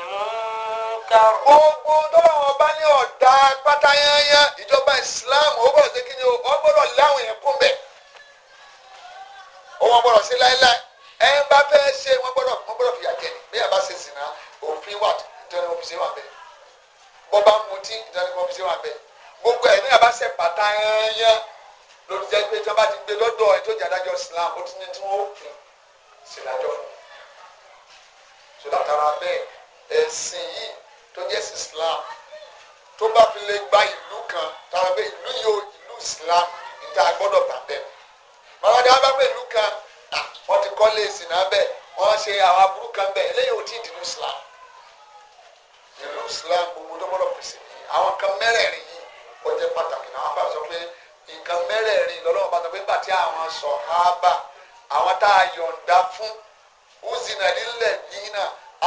munkar. ogun tọ́lọ̀ wọn bá ní ọ̀dà pátáyányá ìjọba islam ó bọ̀ sí kíni o gbọ́dọ̀ láwọn yẹn kún bẹ̀. ó wọn gbọ́dọ̀ sí láéláé ẹ ń bá fẹ́ ṣe wọn gbọ́dọ̀ wọn gbọ́dọ̀ fìyà jẹ bí yàrá ṣe sìn náà òfin wà ìtọ́ni wọn fi ṣe wà bẹ́ẹ̀ bọ́ bá mutí ìtọ́ni wọn fi ṣe wà bẹ́ẹ̀ gbogbo ẹ̀ ní yàrá ṣe pátáyányá lórí jẹ́ pé tí islam ó ti ní tí wọ́n ó fún sí ìdájọ́ ẹ̀sìn yìí tó jẹ́ Islam tó bá fi lè gba ìlú kan táwọn ìlú yóò ìlú Islam níta gbọ́dọ̀ tà bẹ́ẹ̀ bàbá dáhà bá pé ìlú kan wọ́n ti kọ́ léèsì náà bẹ́ẹ̀ ṣe àwọn aburú kan bẹ́ẹ̀ eléyìí ò tí ì Islam ìlú Islam gbogbo tó gbọ́dọ̀ pèsè ní àwọn kan mẹ́rẹ̀ẹ̀rin yìí ó jẹ́ sọ pé nǹkan mẹ́rẹ̀ẹ̀rin lọ́lọ́wọ́ bá sọ pé bàtí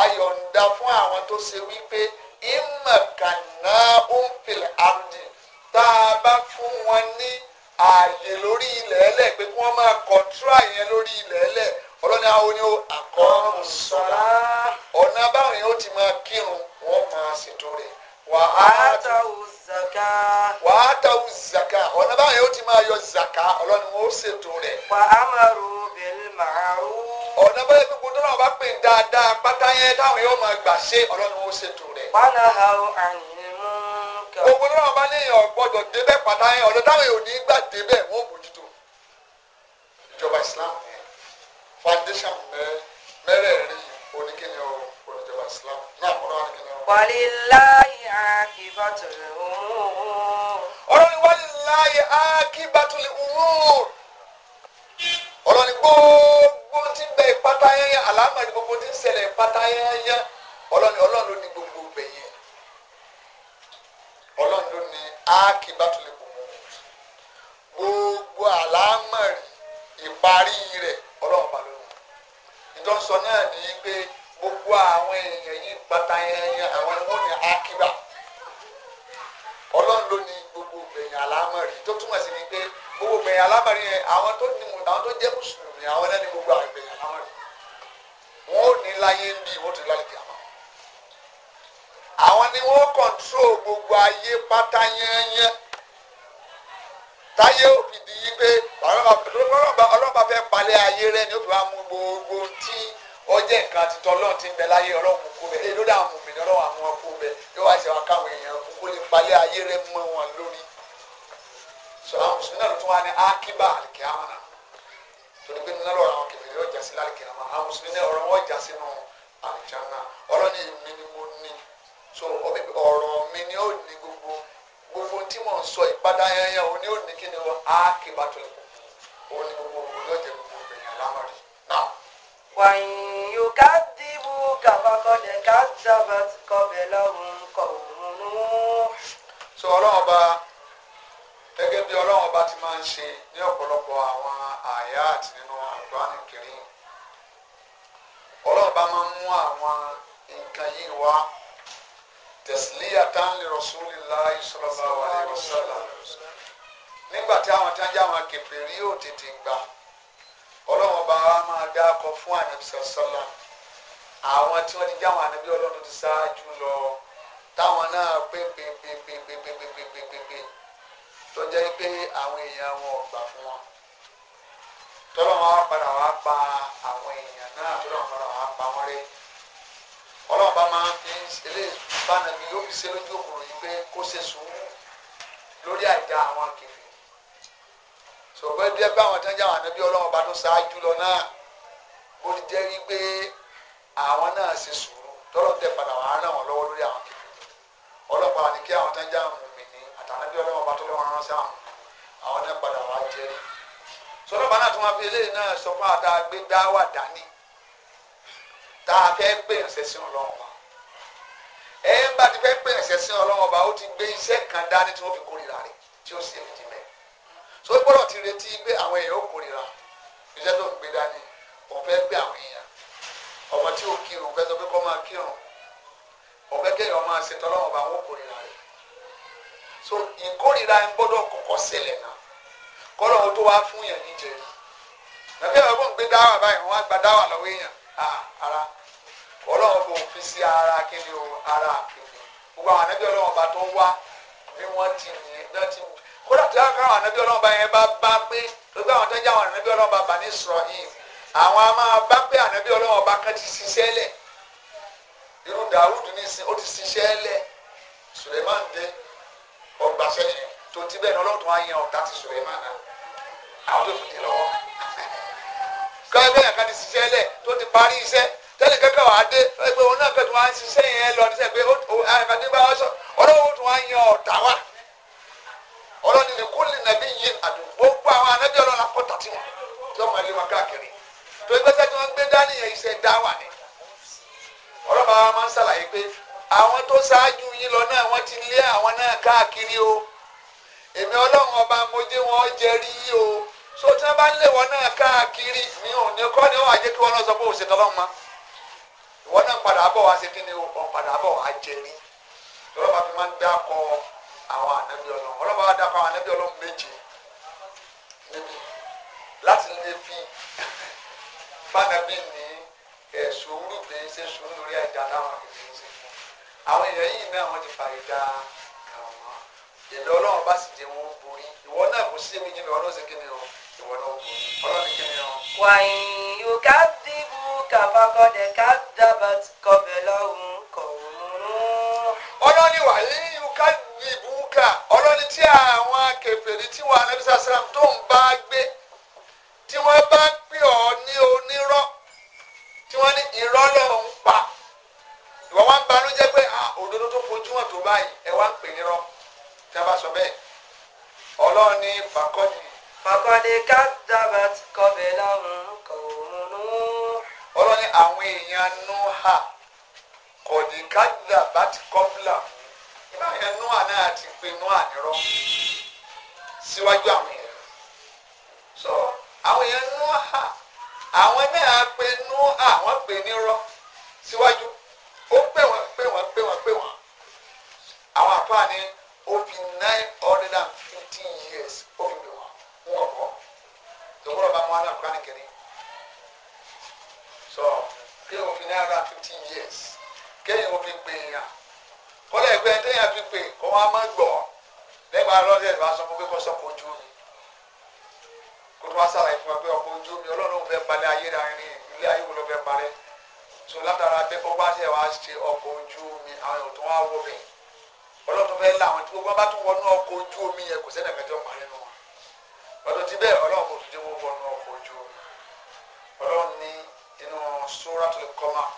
ayọ̀nda fún àwọn tó ṣe wípé ìmọ̀kànnà òǹfìl àrùdì tá a bá fún wọn ní ààyè lórí ilẹ̀ ẹlẹ̀ pé kí wọ́n máa kọ̀ntrá lórí ilẹ̀ ẹlẹ̀ ọlọ́ni àwọn ni ó ọ̀nà báwọn ti máa kírun zaka ọ̀nà báwọn ti máa yọ ọlọ́ni wọn ó ṣètò ọ̀nà bá yẹ kó gbogbo náà bá pè dáadáa pátá yẹn táwọn yóò máa gbà ṣe ọlọ́run ó ṣètò rẹ̀. wọn náà àyìn mú kẹ. gbogbo náà bá ní èèyàn gbọ́dọ̀ débẹ̀ pátá yẹn ọ̀nà táwọn èèyàn ní gbà débẹ̀ wọn mójútó. ìjọba Islam foundation mẹ́rẹ̀ẹ̀rin oníkíni oníjọba Islam náà kọ́ náà oníkíni. wàlíláyì àkìbátùlù umur. ọ̀rọ̀ ni wàlíláyì àkìbátùlù umur. ọ̀rọ̀ ni gbogbo. gbogbo tí ń bẹ ìpátá yẹn àlámà ni gbogbo tí ń ṣẹlẹ̀ ìpátá yẹn yẹn ọlọ́ni ọlọ́ni ló ní gbogbo yẹn ọlọ́ni ló ní áàkì bá tó lè gbogbo àlámà ìparí rẹ̀ ọlọ́run gbogbo gbẹ̀yìn alámọ̀rin yẹn àwọn tó ní àwọn tó jẹ́ mùsùlùmí àwọn náà ní gbogbo àwọn gbẹ̀yìn alámọ̀rin wọn ò ní láyé ń bí wọn ò ní láyé kí àwọn. àwọn ni wọn kọ̀ǹtró gbogbo ayé pátá yẹ́nyẹ́ táyé òbí di yí pé ọlọ́ba fẹ́ palẹ̀ ayé rẹ ni ó fi wá mú gbogbo tí ọjẹ́ nǹkan ti tọ́ lọ́n ti ń bẹ láyé ọlọ́run kó bẹ èyí ló dá àwọn òmìnira ọlọ́run àwọn ọkọ bẹ yóò wá ṣe wá káwọn èèyàn kó lè palẹ̀ ayé rẹ mọ́ wọn lórí sọ̀rọ̀ àwọn mùsùlùmí náà ló tún wá ní akíbá àlìkíyàmá náà torí pé nínú ọ̀rọ̀ àwọn kẹfìrí yóò jà sí lálìkíyàmá àwọn mùsùlùmí náà ọ̀rọ̀ wọn jà sínú àlìjánnà ọ̀rọ̀ ní èmi ni mo ní so ọ̀rọ̀ mi ni ó ní gbogbo gbogbo tí mò ń sọ ìpadà yẹnyẹn o ní ó ní kí ni o akíbá tó lè kó o ní gbogbo ògbó yóò jẹ gbogbo ìgbẹ̀yìn alámọ̀rí náà. wàyí yóò ká dìbò kàfàkọ́dẹ̀ ká sábà kọ so ọlọ́run ọba gẹ́gẹ́ bí ọlọ́run ọba ti máa ń ṣe ní ọ̀pọ̀lọpọ̀ àwọn àyà àti nínú àlùbáàní kiri ọlọ́run ọba máa ń mú àwọn nǹkan yìí wá tasliyatan li rasulillahi sallallahu alaihi wasallam nígbà tí àwọn tí wọ́n jẹ́ àwọn kèfèrí yóò tètè gbà ọlọ́run ọba wa máa dá akọ fún ànábì àwọn tí wọ́n ti jẹ́ àwọn ànábì ọlọ́run ti ṣáájú lọ táwọn náà pépépépépépépépépé tó jẹ́ pé àwọn èèyàn wọn ò gbà fún wọn tọ́lọ́wọ́n á padà wá pa àwọn èèyàn náà tọ́lọ́wọ́n padà wá pa wọ́n rẹ́ ọlọ́run bá máa fi ilé ìbáná mi yóò fi ṣe lójú ọkùnrin yìí pé kó ṣe sùúrù lórí àìdá àwọn kìfì ṣùgbọ́n bí ẹ bá àwọn tán jẹ́ àwọn ànábí ọlọ́run bá tó ṣáájú lọ náà bó ti jẹ́ wípé àwọn náà ṣe sùúrù tọ́lọ́ tẹ padà wàá ràn wọ́n lọ́wọ́ lórí àwọn kìfì ọlọ́pàá ni kí àwọn tán jẹ́ àtànàbí ọlọ́wọ́ bá tó lé wọn ránṣẹ́ àwọn àwọn náà padà wá jẹ sọlọ́ba náà tún wá fi eléyìí náà sọ fún àtà gbé dáwà dání tá a fẹ́ gbé ẹ̀sẹ̀ sí ọlọ́wọ́ bá ẹ ń bá ti fẹ́ gbé ẹ̀sẹ̀ sí ọlọ́wọ́ bá ó ti gbé iṣẹ́ kan dání tí wọ́n fi kórìíra rẹ̀ tí ó sì èmi dì mẹ́ so ó gbọ́dọ̀ ti retí pé àwọn èèyàn ó kórìíra iṣẹ́ tó ń gbé dání òun fẹ́ gbé àwọn èèyàn ọmọ tí ó kírun fẹ́ sọ pé kọ́ máa kírun òun fẹ́ kéèyàn máa ṣe tọ́lọ́wọ́ bá wọn ó kórìíra so ìkórira ń gbọ́dọ̀ kọ́kọ́ sílẹ̀ náà kọ́lọ̀ ó tó wá fún yẹn níjẹ nàbí ọ̀rọ̀ ń gbé dáwà báyìí wọ́n á gba dáwà lọ́wọ́ èèyàn ara ọlọ́run bò fi sí ara kíni o ara àpèkè gbogbo àwọn ànábì ọlọ́run ọba tó wá bí wọ́n ti yẹn náà ti wù kódà tí wọ́n káwọn ànábì ọlọ́run ọba yẹn bá bá pé gbogbo àwọn tó ń jẹ́ àwọn ànábì ọlọ́run ní sọ̀rọ̀ yìí àwọn a máa bá pé ànábì ọlọ́run ọba kan ti ṣiṣẹ́ lẹ̀ irú Dàúdù nísìn ó ti ṣiṣẹ́ lẹ̀ Sùlẹ̀mán dé ọgbà sẹ́yìn tó ti bẹ́ẹ̀ ni ọlọ́run tó wá yan ọ̀tá ti sọ̀rọ̀ ẹ̀ máa nà àwọn tó fìdí lọ́wọ́. káyọ̀ bẹ́ẹ̀ kan ti ṣiṣẹ́ lẹ̀ tó ti parí iṣẹ́ tẹ́lẹ̀ kẹ́kẹ́ wàá dé pé òun náà kẹ́tù wá ń ṣiṣẹ́ yẹn lọ níṣẹ́ pé ọlọ́run tó wá yan ọ̀tá wa ọlọ́run ní kó lè nàbí yín àdúgbò gbogbo àwọn anábì ọlọ́run akọ́tà tí wọn tí wọn lè wọn káàkiri tó ẹgbẹ́ sẹ́ni wọn gbé dání yẹn iṣẹ́ dáwà ni ọlọ́run bá wa máa ń ṣàlàyé pé àwọn tó ṣáájú yín lọ náà wọ́n ti lé àwọn náà káàkiri o èmi ọlọ́run ọba mo jẹ́ wọn jẹ́rí o so tí wọ́n bá ń lé wọn náà káàkiri mi ò ní kọ́ ni wọ́n á jẹ́ kí wọ́n náà sọ pé òṣèlú ọlọ́run mọ́ ìwọ náà padà bọ̀ wá sí kí ni o padà bọ̀ wá jẹ́rí lọ́lọ́ba fi máa ń dákọ àwọn ànábì ọlọ́run ọlọ́ba wa dákọ àwọn ànábì ọlọ́run méje níbi láti lè fi fànàbí ní ẹ̀sùn rúbẹ̀ ṣe sùn lórí ẹ̀dá láwọn ìgbésẹ̀ àwọn èèyàn yìí náà wọ́n ti fàyèdá kàn wọ́n ìlú ọlọ́run bá sì jẹ́ wọn borí ìwọ náà kò sí èmi jìnnà ọlọ́run sì kí ni o ìwọ náà borí ọlọ́run kí ni o. wàyìn yóò ká dìbò kàfàkọ́dẹ̀ ká dábàá kọ̀bẹ̀ lọ́hùn kọ̀ọ̀rún. ọlọ́ni wàyìn yóò ká dìbò kà ọlọ́ni tí àwọn kèfèrí tí wà lẹ́bíṣà sàrám tó ń bá gbé tí wọ́n bá pè ọ́ ní onírọ́ tí wọ́n ní ìrọ́lọ́ òdodo tó fojú hàn tó báyìí ẹ wá ń pè ní rọ tí a bá sọ bẹ́ẹ̀ ọlọ́run ní fàkọ́dì. fàkọ́dì kàdàbà ti kọ́bẹ̀ láwọn kọ̀ọ̀nù. ọlọ́run ní àwọn èèyàn nùhà kọ̀dì kàdàbà ti kọ́bìlà báyẹn nùhà náà ti pe nùhà nírọ́ síwájú àwọn èèyàn sọ àwọn èèyàn nùhà àwọn náà pe nùhà wọ́n pè nírọ́ síwájú ó pè wọ́n pè wọ́n pè wọ́n pè wọ́n àwọn àfáà ni ó fi nine hundred and fifteen years ó fi pè wọ́n wọ́n kọ́ tòkúrọ̀ bá wọn àlùkò ànìkẹ́ni sọ kéèyàn fi nine hundred and fifty years kéèyàn fi pè yàn kọ́lá ẹgbẹ́ téèyàn fi pè kọ́ wọn á má gbọ́ lẹ́gbàá lọ́dẹ̀ ìbá sọ fún pé kọ́ sọ́kò ojú mi kó tó wá sàlàyé fún wa pé ọkọ̀ ojú mi ọlọ́run fẹ́ balẹ̀ ayé rẹ̀ ilé ayé wo ló fẹ́ balẹ̀ so látara pé ó bá ṣe wá ṣe ọkọ̀ ojú omi àwọn èèyàn tó wá wọ bẹ́ẹ̀ ọlọ́run fẹ́ là wọn tí gbogbo bá tún wọnú ọkọ̀ ojú omi yẹn kò sẹ́nà kẹjọ parí nù wọn ọdún tí bẹ́ẹ̀ ọlọ́run kò tún jẹ́ wọ́n wọnú ọkọ̀ ojú omi ọlọ́run ní inú Suratul Qamar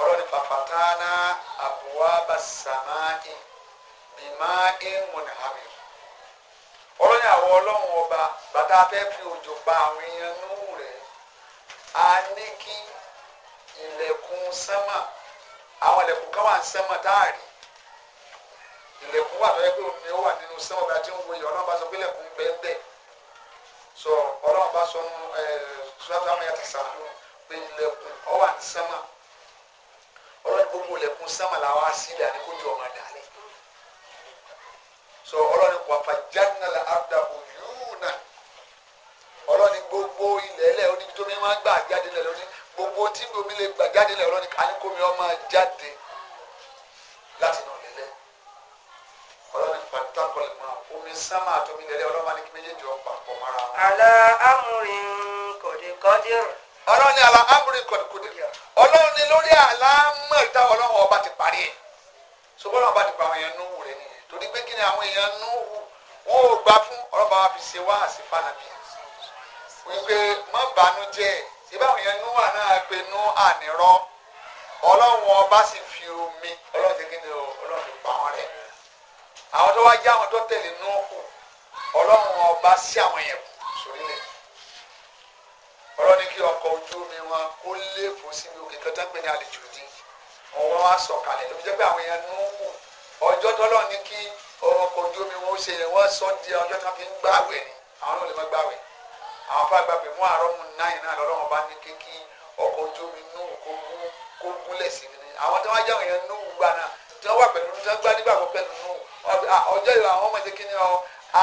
ọlọ́run ní fafatana abwaba samai bima'in munhamir ọlọ́run ní àwọn ọlọ́run ọba bàtà fẹ́ fi òjò pa àwọn èèyàn nù rẹ̀ a ní kí ilẹ̀kùn sánmà àwọn ilẹ̀kùn kan wà ní sánmà táàrí ilẹ̀kùn wà tó yẹ pé omi ó wà nínú sánmà bí a ti ń wòye ọlọ́run bá sọ pé ilẹ̀kùn bẹ́ẹ̀ sọ ọlọ́run bá sọ nù ẹ sọ́dọ̀ àwọn yàtọ̀ sàánú pé ilẹ̀kùn ọ wà ní sánmà ọlọ́run gbogbo ilẹ̀kùn sánmà làwọn asílẹ̀ àníkójú ọmọ dàlẹ́ so ọlọ́ni kò àfàjáná la àdàbò yúùnà ọlọ́ni gbogbo ilẹ̀ ẹlẹ́ oníbi tó mi máa ń gbà jáde lẹ̀ lónìí gbogbo tí omi lè gbà jáde lẹ́rọ ni anikomi ọmọ jáde láti nà lẹ́lẹ́ ọlọ́run pàtó àkọlẹ̀ mọ́ omi sámà àtọ́mi lẹ́lẹ́ ọlọ́run ní kí méjèèjì ọ̀pá pọ̀ mọ́ra. àlà amúrin kọ̀dékọ́dé. ọlọ́run ní àlà amúrin kọ̀dékọ́dé ọlọ́run ní lórí àlà mọ̀ta ọlọ́run ọba ti parí ẹ̀ ṣùgbọ́n ọba ti pa àwọn èèyàn núhù rẹ̀ nìyẹn torí pé kí ni àwọn èèyàn núhù wọn ò gbà fún ọlọ́ba wa fi ṣe wá àṣìfànàbí wípé má bànújẹ́ ẹ̀ ìbáwọn yẹn núwà náà pe nú ànírọ́ ọlọ́run ọba sì fi omi ọlọ́run ti kíni o ọlọ́run ti pa wọn rẹ̀ àwọn tó wá jẹ́ àwọn tó tẹ̀lé nú kù ọlọ́run ọba sí àwọn yẹn kù sórílẹ̀ ọlọ́run ní kí ọkọ̀ ojú omi wọn kó léèfó síbi òkè kan tó ń pè ní àlejò dín wọn wá sọ̀kalẹ̀ ló fi jẹ́ pé àwọn yẹn nú kù ọjọ́ tọ́lọ́ ní kí ọkọ̀ ojú omi wọn ó ṣe yẹn wọ́n sọ di ọjọ́ kan fi ń gbàwẹ̀ ni àwọn náà lè má gbàwẹ̀ àwọn afáàgbà pé mú àárọ̀ mu náà yìí náà lọ́lọ́wọ́ bá ní kékeré ọkọ̀ ojú omi nù kó gú kó gúnlẹ̀ sí ni àwọn tí wọ́n jáwé yẹn nù gbà náà tí wọ́n wà pẹ̀lú tí wọ́n gbá nígbàgbọ́ pẹ̀lú nù ọjọ́ ìwà àwọn ọmọ ẹ̀sẹ̀ kí ni ọ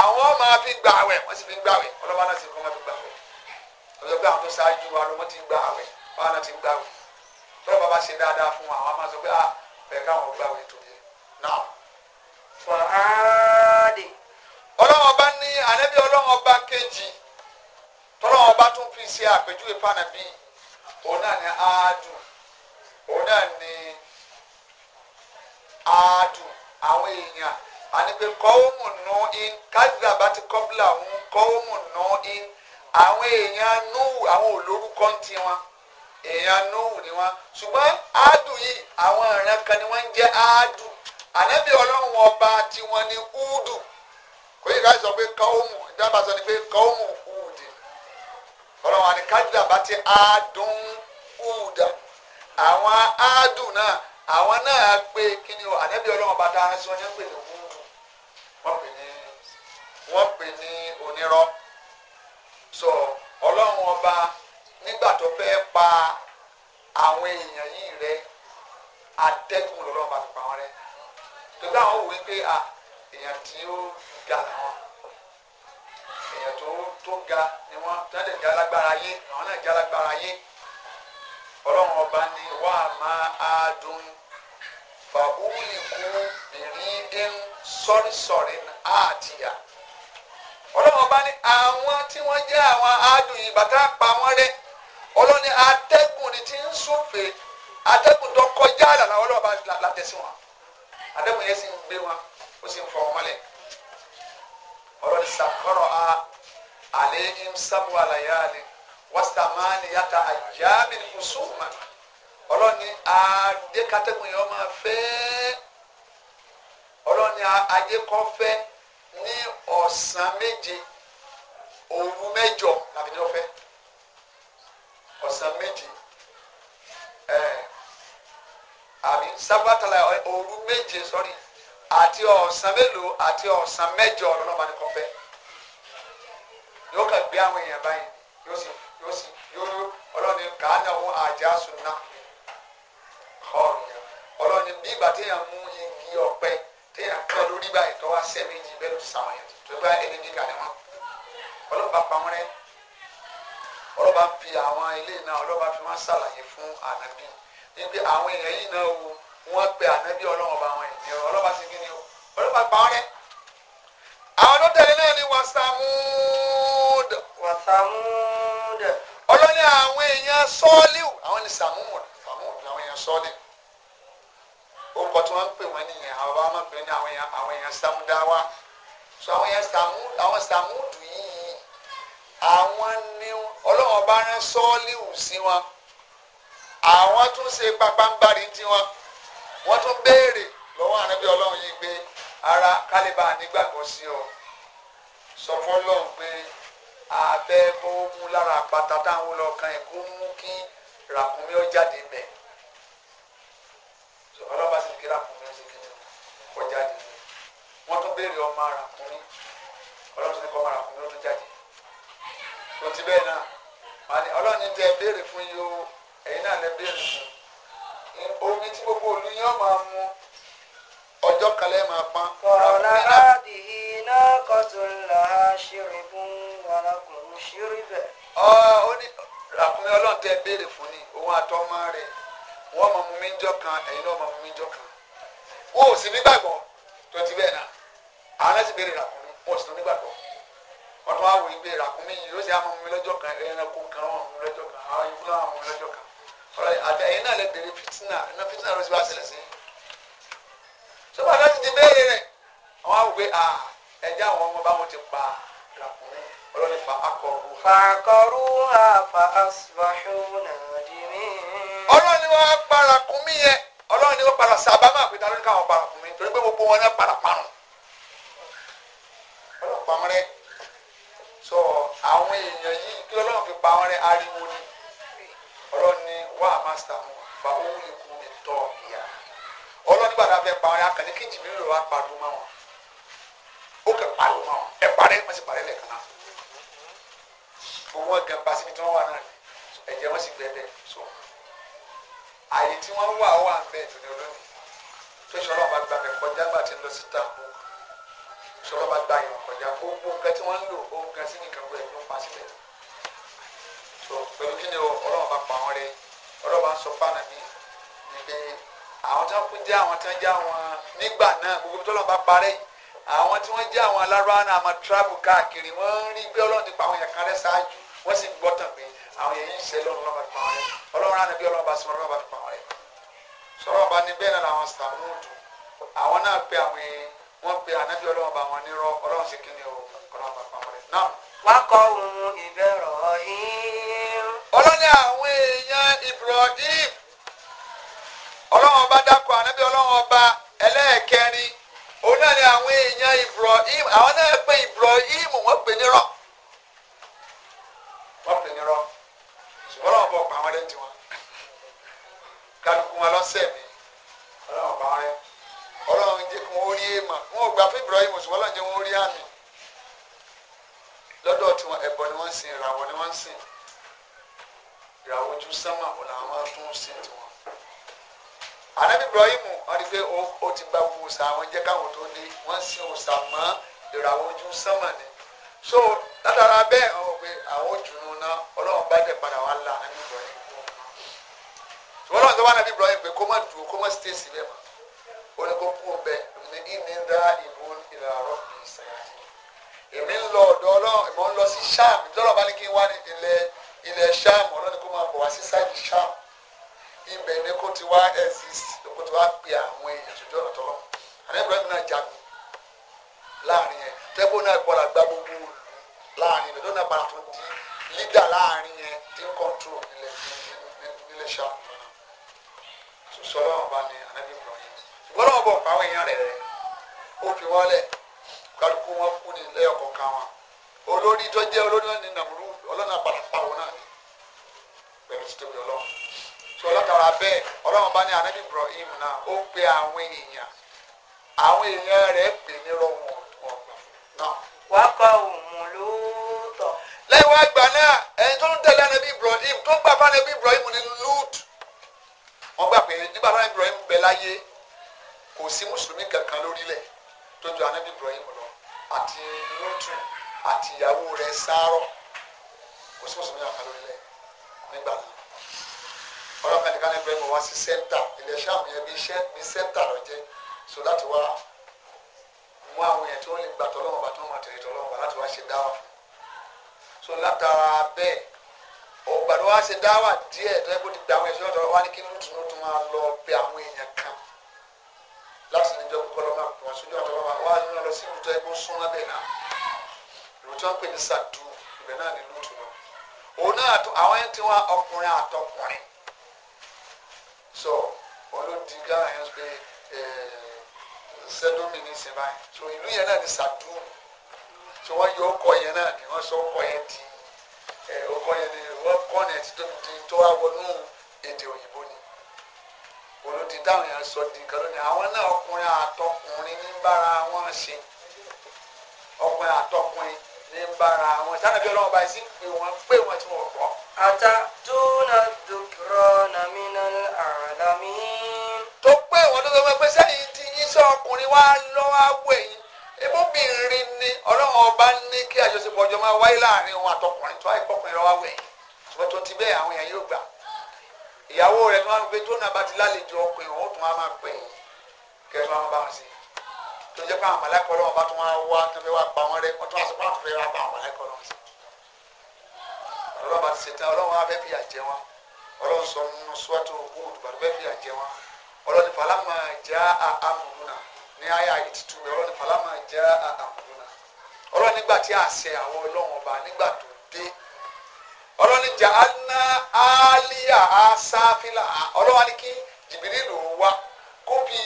àwọn máa fi gbà wẹ̀ wọ́n sì fi gbà wẹ̀ ọlọ́wọ́ náà sì fi gbà wẹ̀ ọjọ́ pé àwọn tó ṣáájú wa lọ́wọ́ ti gbà wẹ̀ báwọn náà ti gbà wẹ̀ tọ́lọ́ bàbá ṣe dáadáa fún wa àwọn máa sọ pé ah bẹ̀ẹ̀ káwọn gbà wẹ̀ tó yẹ náà. fọ́ọ̀rọ̀ ọlọ́wọ́ bá ní ànẹ́bí ọlọ́wọ́ bá kejì tọ́lọ́ wọn bá tún fi ṣe àpèjúwe fáànà bí òun náà ní áádù òun náà ní áádù àwọn èèyàn ànípe kọ́wọ́mù nù in kájúdà bá ti kọ́bílà òun kọ́wọ́mù nù in àwọn èèyàn núhù àwọn olórúkọ ti wọn èèyàn núhù ni wọn ṣùgbọ́n áádù yìí àwọn ìran kan ni wọ́n ń jẹ́ áádù ànábì ọlọ́run ọba tiwọn ni údù kò yẹ ká sọ pé kọ́wọ́mù ìjábàá sọ ni pé kọ́wọ́mù ọlọ́wọ́n ni kájúdàbá ti àádùn ùdà àwọn àádùn náà àwọn náà gbé kí ni o ànábì ọlọ́wọ́n bá dáhùn sí wọn yẹn pè ní pè ní sọ ọlọ́run ọba nígbà tó fẹ́ pa àwọn èèyàn yìí rẹ atẹ́gùn bá pa rẹ tó dáhùn ga làwọn. tó tó ga ni wọ́n tẹ́lẹ̀ jálágbára yé àwọn náà jálágbára yé ọlọ́run ọba ni wà á máa adùn fàbúrìkú bìrìndín sọ́rísọ́rí àtìyà ọlọ́run ọba ni àwọn tí wọ́n jẹ́ àwọn adùn yìí bàtà pa wọ́n rẹ́ ọlọ́run ni atẹ́gùn ni ti ń sùnfè atẹ́gùn tó kọjá àlàlà ọlọ́run ọba látẹ̀sí wọn atẹ́gùn yẹn sì ń gbé wọn ó sì ń fọ mọ́lẹ̀ ọlọ́run sàkọ́rọ̀ a. عليهم سبع ليال wàsàmániyàtà àjàmì hùsùmà ọlọ́ni adé kátẹ́gùn yẹn máa fẹ́ ọlọ́ni adé kọ́ ní ọ̀sán méje òru mẹjọ tàbí ní ọ̀fẹ́ ọ̀sán méje àbí sábàtàlà òru méje àti mélòó àti yóò kàn gbé àwọn èèyàn báyìí yóò sì yóò sì yóò ọlọ́ni kàánà ohun àjà sunna ọ̀rùn yẹn ọlọ́ni bí ìgbà téèyàn mú igi ọ̀pẹ téèyàn kàn lórí báyìí tó wá sẹ́ méjì bẹ́ẹ̀ ló sàwọn yẹn tó bá ẹni bí kàní wọn ọlọ́ba pa wọn rẹ ọlọ́ba fi àwọn ilé náà ọlọ́ba fi wọn ṣàlàyé fún ànábì níbi àwọn èèyàn yìí náà wò wọ́n pe ànábì ọlọ́run bá wọn ènìyàn ọlọ́ba ti kí ni ọlọ́ba pa rẹ àwọn tó náà ni wọ́n sàmúù wà sàmúdà. ọlọ́ni àwọn èèyàn sọ́ọ́líù àwọn ni sàmúdà sàmúdà àwọn èèyàn sọ́ọ́líù orúkọ tí wọ́n ń pè wọ́n nìyẹn àwọn bá wọn pè ní àwọn èèyàn àwọn èèyàn sàmúdáwá so àwọn èèyàn sàmúdù àwọn sàmúdù yìí àwọn ni ọlọ́wọ́n bá rán sọ́ọ́líù sí wọn àwọn tún ṣe pàpàǹbarì tiwọn wọ́n tún béèrè lọ́wọ́ àrẹ́bí ọlọ́run yìí pé ara kálíbà nígbàgbọ́ sí ọ sọ fọlọ́run pé abẹ́ mọ́ọ́mú lára àpáta táwọn kan yẹn kó mú kí ràkúnmí ó jáde bẹ̀ ọlọ́ba sì kí ràkúnmí ó kí ni ó jáde bẹ̀ wọ́n tún béèrè ọmọ ràkúnmí ọlọ́run ní kọ́ ọmọ ràkúnmí ó tún jáde ti bẹ́ẹ̀ náà ọlọ́run ní tẹ ẹ béèrè fún yìí o ẹ̀yin náà lẹ gbogbo olú yẹn ọjọ́ máa pa. fẹ́ béèrè fún ni òun àtọ́mọ rẹ̀ wọ́n mọ̀ mú mi jọ kan ẹ̀yin náà mọ̀ mú mi jọ kan wọ́n ò sì nígbàgbọ́ tó ti bẹ́ẹ̀ náà àwọn náà sì béèrè ràkúnmí wọ́n sì tún nígbàgbọ́ wọ́n tún wá wò ó pé ràkúnmí yìí ló sì á mọ̀ mú mi lọ́jọ́ kan ẹranko kan wọ́n mú mi lọ́jọ́ kan àwọn ikú náà mú mi lọ́jọ́ kan ọ̀rọ̀ àti ẹ̀yin náà lè béèrè fìtínà iná fìtínà ló sì bá ṣẹlẹ̀ sí sọ́wọ́n àti ọlọ́ni fa akọrù ha. fa akọrù ha fa asbahu nadimi. ọlọ́ni wọ́n para kún mí yẹn ọlọ́ni wọ́n para sábàmà pé ta ló para kún mi torí pé gbogbo wọn náà para parun. ọlọ́run pa wọn rẹ sọ àwọn èèyàn yìí kí ọlọ́run fi pa wọn rẹ ariwo ni ọlọ́ni wà á máa sàmù fa owó ikú mi tọ́ ìyá ọlọ́ni gbàdá fẹ́ pa wọn rẹ akànní kí jìbìrì rẹ wá pariwo mọ́ wọn ó kẹ́ pariwo mọ́ wọn ẹ parí ẹ má sì parí lẹ́ẹ̀kan náà wọn gan ba síbi tí wọn wà náà ni ẹ̀jẹ̀ wọn sì gbẹ bẹ́ẹ̀ so àyè tí wọn wà wà ń bẹ ìtòdì olóyìn tó ṣọlọ bá gba mi kọjá gbà tí ń lọ sí tààmù ṣọlọ bá gba yàn kọjá gbogbo nǹkan tí wọn ń lò ó nǹkan sí nìkan gbọ́dọ̀ ló ń pa so pẹ̀lú kí ni Ọlọ́run bá pa wọn rẹ Ọlọ́run bá ń sọ fáànà bíi àwọn tó ń kú jẹ àwọn tó ń jẹ àwọn nígbà náà gbogbo tó lọ bá parẹ́ yìí àwọn tí wọ́n jẹ́ àwọn alárúbáwá náà máa káàkiri wọ́n rí gbé ọlọ́run àwọn wọ́n sì gbọ́ tàn pé àwọn ṣe lọ́run lọ́ba wọn ọlọ́run bí ọlọ́run bá sọ̀rọ̀ bá wọn sọ̀rọ̀ bá ní bẹ́ẹ̀ àwọn náà pe wọ́n sì kíni òun náà ni àwọn èèyàn Ibrahim àwọn náà pè Ibrahim wọ́n pè nírọ́ wọ́n pè nírọ́ ṣùgbọ́n àwọn bọ̀ àwọn ẹrẹ́ tiwọn kálukú wọn lọ́sẹ̀ mi ọlọ́run bá rẹ ọlọ́run jẹ́ kí wọ́n rí èèmọ̀ wọn ò gbà fún Ibrahim ṣùgbọ́n ọlọ́run jẹ́ wọ́n rí àmì lọ́dọ̀ tí wọn ẹ̀bọ ni wọ́n sìn ìràwọ̀ ni wọ́n sìn ìràwọ̀ ojú sánmà ọ̀làwọn tún sìn tiwọn. anabi ibrahim wọn ni pé ó ti gba gbogbo òòsà àwọn jẹ́ káwọn tó ní wọ́n sin òòsà mọ́ ìràwọ̀ ojú sánmà ni so látara bẹ́ẹ̀ àwọn pé àwọn òjùnú náà ọlọ́run bá dẹ̀ padà wá la anabi ibrahim wọ́n lọ́wọ́ sọ́wọ́n anabi ibrahim pé kó má dùn kó má stay síbẹ̀ mọ́ ó ní kó kú ọbẹ̀ ní ìní dá ìlú ìlàrọ̀ mi sẹ́yìn èmi ń lọ ọ̀dọ̀ ọlọ́run èmi ń lọ sí sáàmù ìjọba ní kí n wá ní ilẹ̀ ilẹ̀ sáàmù ọlọ́run kó máa bọ̀ wá sí sáàmù ibẹ̀ ni kò ti wá exist kò ti wá pe àwọn èèyàn sójú ọ̀nà tọ́lọ́ àná ibrahim náà jagun láàrin yẹn tẹ́gbọ́n náà gbọ́dọ̀ gbá gbogbo òòlù láàrin yẹn tó náà padà tó di lídà láàrin yẹn tí ń control nílẹ̀ nílẹ̀ ṣá sọlá ọba ni àná ibrahim ṣùgbọ́n náà bọ̀ fáwọn èèyàn rẹ̀ rẹ̀ ó fi wọ́n lẹ̀ kálukú wọn kú ní lẹ́yọ̀kọ̀ọ̀kan wọn olórí tó jẹ́ olórí náà ní nàmúrú ọlọ́nà àpàlàpàwọ̀ náà ni pẹ̀lú títẹ̀wé ọlọ́run. sọ látara bẹ́ẹ̀ bá ní anabi Ibrahim na ó pe àwọn èèyàn àwọn èèyàn pè ní rọrùn ọgbà náà. wà kọ òun lóòótọ́. lẹ́yìn wá gbà náà ẹni tó ń tẹ̀lé anabi Ibrahim tó gbà fún anabi Ibrahim ní lúùtù wọ́n gbà Ibrahim bẹ láyé kò sí mùsùlùmí kankan lórílẹ̀ tó ju anabi Ibrahim lọ àti lúùtù àti ìyàwó sáárọ̀ kò sí mùsùlùmí kankan ọlọ́pàá nìkan ní bẹ́ẹ̀ mọ̀ wá sí sẹ́ńtà ilẹ̀ sàmù yẹn bí sẹ́ńtà lọ jẹ́ so láti wá mú àwọn yẹn tí wọ́n lè gbà tọ́lọ́wọ́n bá tí wọ́n máa tẹ̀lé tọ́lọ́wọ́n bá láti wá ṣe dáwà fún so látara bẹ́ẹ̀ ọgbà tó wá ṣe dáwà díẹ̀ tó yẹ kó ti gba àwọn ẹ̀ṣọ́ tọ́lọ́ wá ní kí lóòtú ló tún máa lọ bẹ àwọn èèyàn kan láti níjọ́ kọ́lọ́ máa pọ̀ sójú ọ̀tọ̀ wá wá nínú lọ sí ibùdó ẹgbẹ́ sún lábẹ́ náà ìròtí wọn pè ní sàdù ibẹ̀ náà ní lóòtú náà òun náà àwọn ẹni tí wọn ọkùnrin àtọkùnrin so olódi ghana yẹn pé sẹdómi ní sinmi báyìí so ìlú yẹn náà ní sàdúù so wọn yọ ọkọ yẹn náà ni wọn sọ ọkọ yẹn di eh, ọkọ yẹn ni wọn kọ ní ẹtí tóbi di tó wá wọnú èdè òyìnbó ni olódi dáhùn yẹn sọ di nǹkan lónìí àwọn náà ọkùnrin àtọkùnrin ní bára wọn ṣe ọkùnrin àtọkùnrin ní bára wọn sanabi Ọlọ́run báyìí pé wọn pé wọn ti wọn gbọ́. àtàdúnà dùkúrọ̀ nàmi àwọn tó sọ fún ẹ pé sẹ́yìn tí yín sọ ọkùnrin wá lọ́wọ́ awọ ẹ̀yìn ebóbìnrin ni ọlọ́run ọba ní kí àjọṣepọ̀ ọjọ́ máa wáyé láàrin òun àtọkùnrin tó àìkọkùnrin lọ́wọ́ awọ ẹ̀yìn ṣùgbọ́n tó ti bẹ́ẹ̀ àwọn èèyàn yóò gbà ìyàwó rẹ̀ tó máa ń gbé tó náà bá ti lálejò ọkùnrin òun tó máa pè é kẹ́tọ́ máa bá wọn sí tó jẹ́ pé àwọn mọ̀lẹ́kọ̀ ọlọ́run bá tó máa wá tó fẹ́ wá pa wọn rẹ́ wọ́n tó máa sọ pé àwọn fẹ́ pa àwọn mọ̀lẹ́kọ̀ ọlọ́run sí ọlọ́run bá ti ṣe tán ọlọ́run á fẹ́ fìyà jẹ wọn ọlọ́run sọ nínú sọ́tò òkú òdùbàdàn fẹ́ fìyà jẹ wọn. ọlọ́ni falama já amúnúna ní àyà ìtìtú rẹ̀ ọlọ́ni falama já amúnúna ọlọ́ni nígbà tí àṣẹ àwọn ọlọ́run ọba nígbà tó dé ọlọ́ni ọlọ́wà ni kí jìbìrì ló wá kó fi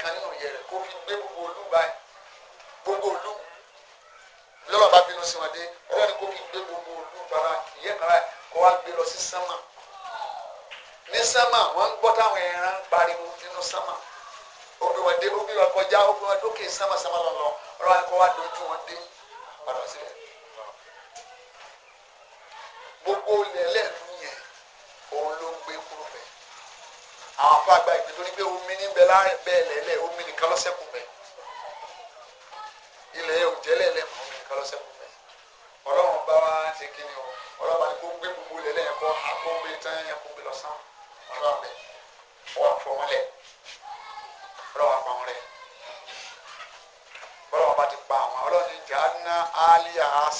kan nínú gbé gbogbo olú gbogbo olú bínú sí wọn gbogbo olú kan kó gbé ní sáma wọ́n ń ẹran pariwo nínú sámà omi wọn dé wọn kọjá omi wọn dókè sámà sámà lọ́lọ́ akọ wa dojú wọn dé padà gbogbo lẹ́lẹ́nu yẹn òun ló ń gbé kúrò àwọn afọ àgbà ìgbé torí pé omi omi ilẹ̀ yẹn ò jẹ́lẹ̀ mọ́ omi bá wa kí ni o ní gbogbo lẹ́lẹ́ yẹn kọ́ tán yẹn kó gbé lọ ọlọ́run bẹ̀ ọwọ́ fún wọn lẹ̀ ọlọ́run pa àlìyà ha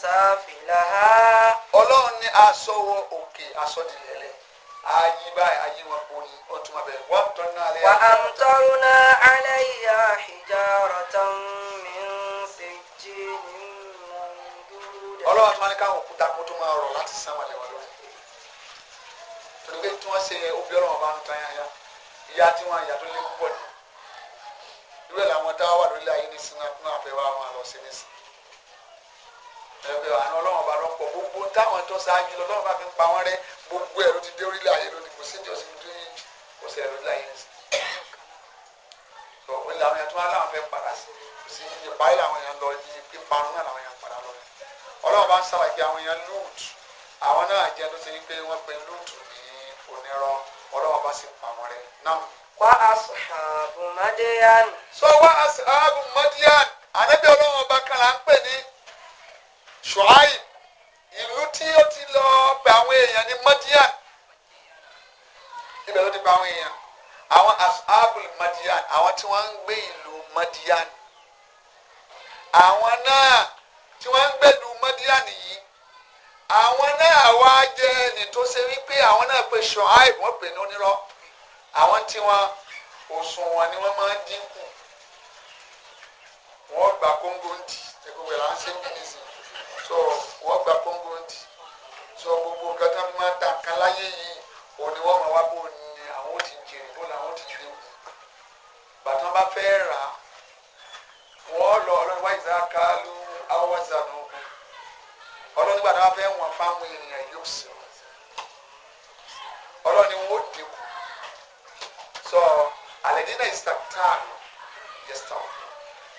sá. ha ọlọ́run ní aṣọ wọ òkè aṣọ nìyẹn lẹ̀ ayi báyìí ayi wọn kò ní ọtún ma bẹ̀rẹ̀ wọ́n tọ́ wà á ń náà alẹ́ yìí àhìjà ọ̀rọ̀ tán mi ń ṣe jí ní mọ̀ ń dúró. ọlọ́run máa ní káwọn òkúta kó tó máa rọ̀ láti sánmà lẹ́wọ̀ torí pé tí wọ́n ṣe òfin ọlọ́wọ́n bá ń tan yáyá ìyá tí wọ́n àyà tó lé púpọ̀ ni irú ẹ̀ làwọn táwa wà lórí ayé ní sinmi fún àfẹ́wà wọn lọ sí ní sìn ẹ̀fẹ́ àná ọlọ́wọ́n bá lọ́pọ̀ gbogbo táwọn tó ṣáájú lọ́wọ́n bá fi ń pa wọ́n rẹ gbogbo ẹ̀rọ ti dé orílẹ̀ ayé lónìí kò sí ìjọsìn tó yín kò sí ẹ̀rọ láyé ní sìn ìlànà ẹ̀ tó wọn láwọn fẹ́ padà sí kò làwọn èèyàn lọ yí píparun onírọ́ ọlọ́wọ́ bá sì pa wọn rẹ náà. wá aṣáàbù madian. sọ wá aṣáàbù madian ànábì ọlọ́wọ́ bá kan là ń pè ní ṣùáì ìlú tí ó ti lọ pè àwọn èèyàn ní madian ibẹ̀ ló ti pa àwọn èèyàn àwọn aṣáàbù madian àwọn tí wọ́n ń gbé ìlú madian àwọn náà tí wọ́n ń gbé ìlú madian yìí àwọn náà wá jẹ́ ẹni tó ṣe wípé àwọn náà pe Ṣuaib wọ́n pè ní onírọ́ àwọn tí wọ́n òsùn wọn ni wọ́n máa ń dínkù wọ́n gba kóńgó ń dì gbogbo ẹ̀ láti ń kìíní sí so wọ́n gba kóńgó ń dì so gbogbo gàdá máa ta nǹkan láyé yìí òun ni wọ́n máa wá bó ni àwọn ò ti jèrè bó làwọn ò ti jèrè kù bàtà bá fẹ́ rà wọ́n lọ ọlọ́run wáyé sáà kálú awọ́sànù ọlọ́run nígbà tó bá fẹ́ wọ̀n fáwọn èèyàn yóò sọ ọlọ́run ni wọ́n dínkù sọ alẹ́ nínú ìsàkítàánù yẹsà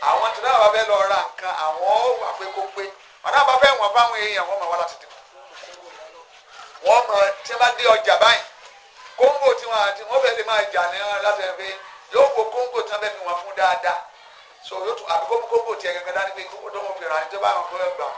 àwọn tó náà bá fẹ́ lọ ra nǹkan àwọn ó wà pé kó pé wọn náà bá fẹ́ wọ̀n fáwọn èèyàn wọ́n máa wá láti dínkù wọ́n máa tí wọ́n bá dé ọjà báyìí kóńgò tí wọ́n àti wọ́n fẹ́ lè máa jà ní wọn láti ẹ̀ yóò wo kóńgò tí wọ́n fẹ́ fi wọn fún dáadáa so yóò tún àbí kóńgò tí ẹ̀ dání pé kóńgò tó wọ́n fi ní tó bá wọn fẹ́ gbà wọn.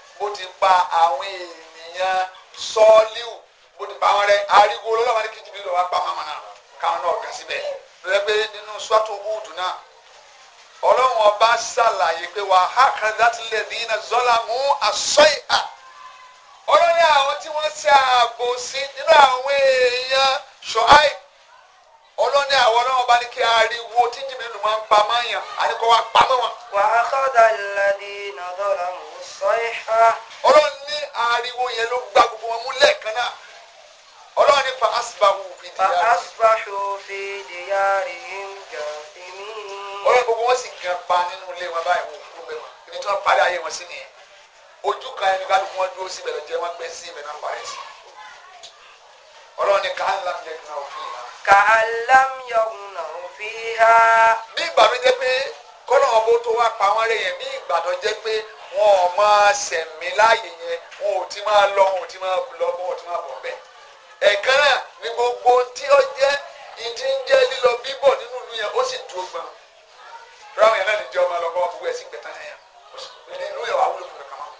bó ti pa àwọn ènìyàn sọ́ọ́líù bó ti pa àwọn rẹ ariwo lọ́wọ́ ní kí jìbìlì lọ́wọ́ pa màmá náà káwọn náà kà síbẹ̀ lọ́wọ́ pé nínú sọ́tò húdù náà ọlọ́run ọba ṣàlàyé pé wà á kan láti lè dín iná zọ́là mú aṣọ ìhà ọlọ́run àwọn tí wọ́n ṣe ààbò sí nínú àwọn èèyàn ṣọ́áì ọlọ́run ní àwọn ọlọ́run ọba ní kí ariwo tí jìbìlì lọ́wọ́ pa mọ́ yàn àdìkọ́ wa pamọ́ wọn. wà á kọ́ da ìlànà ìnáwó lọ́rùn ọlọ́run ní ariwo yẹn ló gbá gbogbo wọn mú lẹ́ẹ̀kan náà ọlọ́run ní fa asbahu fìdíyàrí ọlọ́run gbogbo wọn sì gan pa nínú ilé wọn báyìí wọn kúrò bẹ́ẹ̀ wọn ibi tí wọ́n parí ayé wọn sí nìyẹn ojú kan ẹni ká ló wọn dúró síbẹ̀ lọ́jọ́ wọn gbé sí ibẹ̀ náà parí sí ọlọ́run ní káàlá mi òfin yìí kàlám yọ̀húnà fi ha. bí ìgbà wọn ò máa sẹ̀mí láàyè yẹn wọn ò ti máa lọ wọn ò ti máa lọ wọn ò ti máa bọ̀ bẹ́ẹ̀. ẹ̀ẹ̀kan náà ni gbogbo tí ó jẹ́ ìdí ń jẹ́ lílọ bíbọ̀ nínú ìlú yẹn ó sì dúró gbọ́n. ráwọn yẹn náà ní jẹ́ ọmọ ọlọ́kọ́ gbogbo ẹ̀sìn gbẹ̀tà yẹn ìlú yẹn wà wúlò fún kankan mọ́.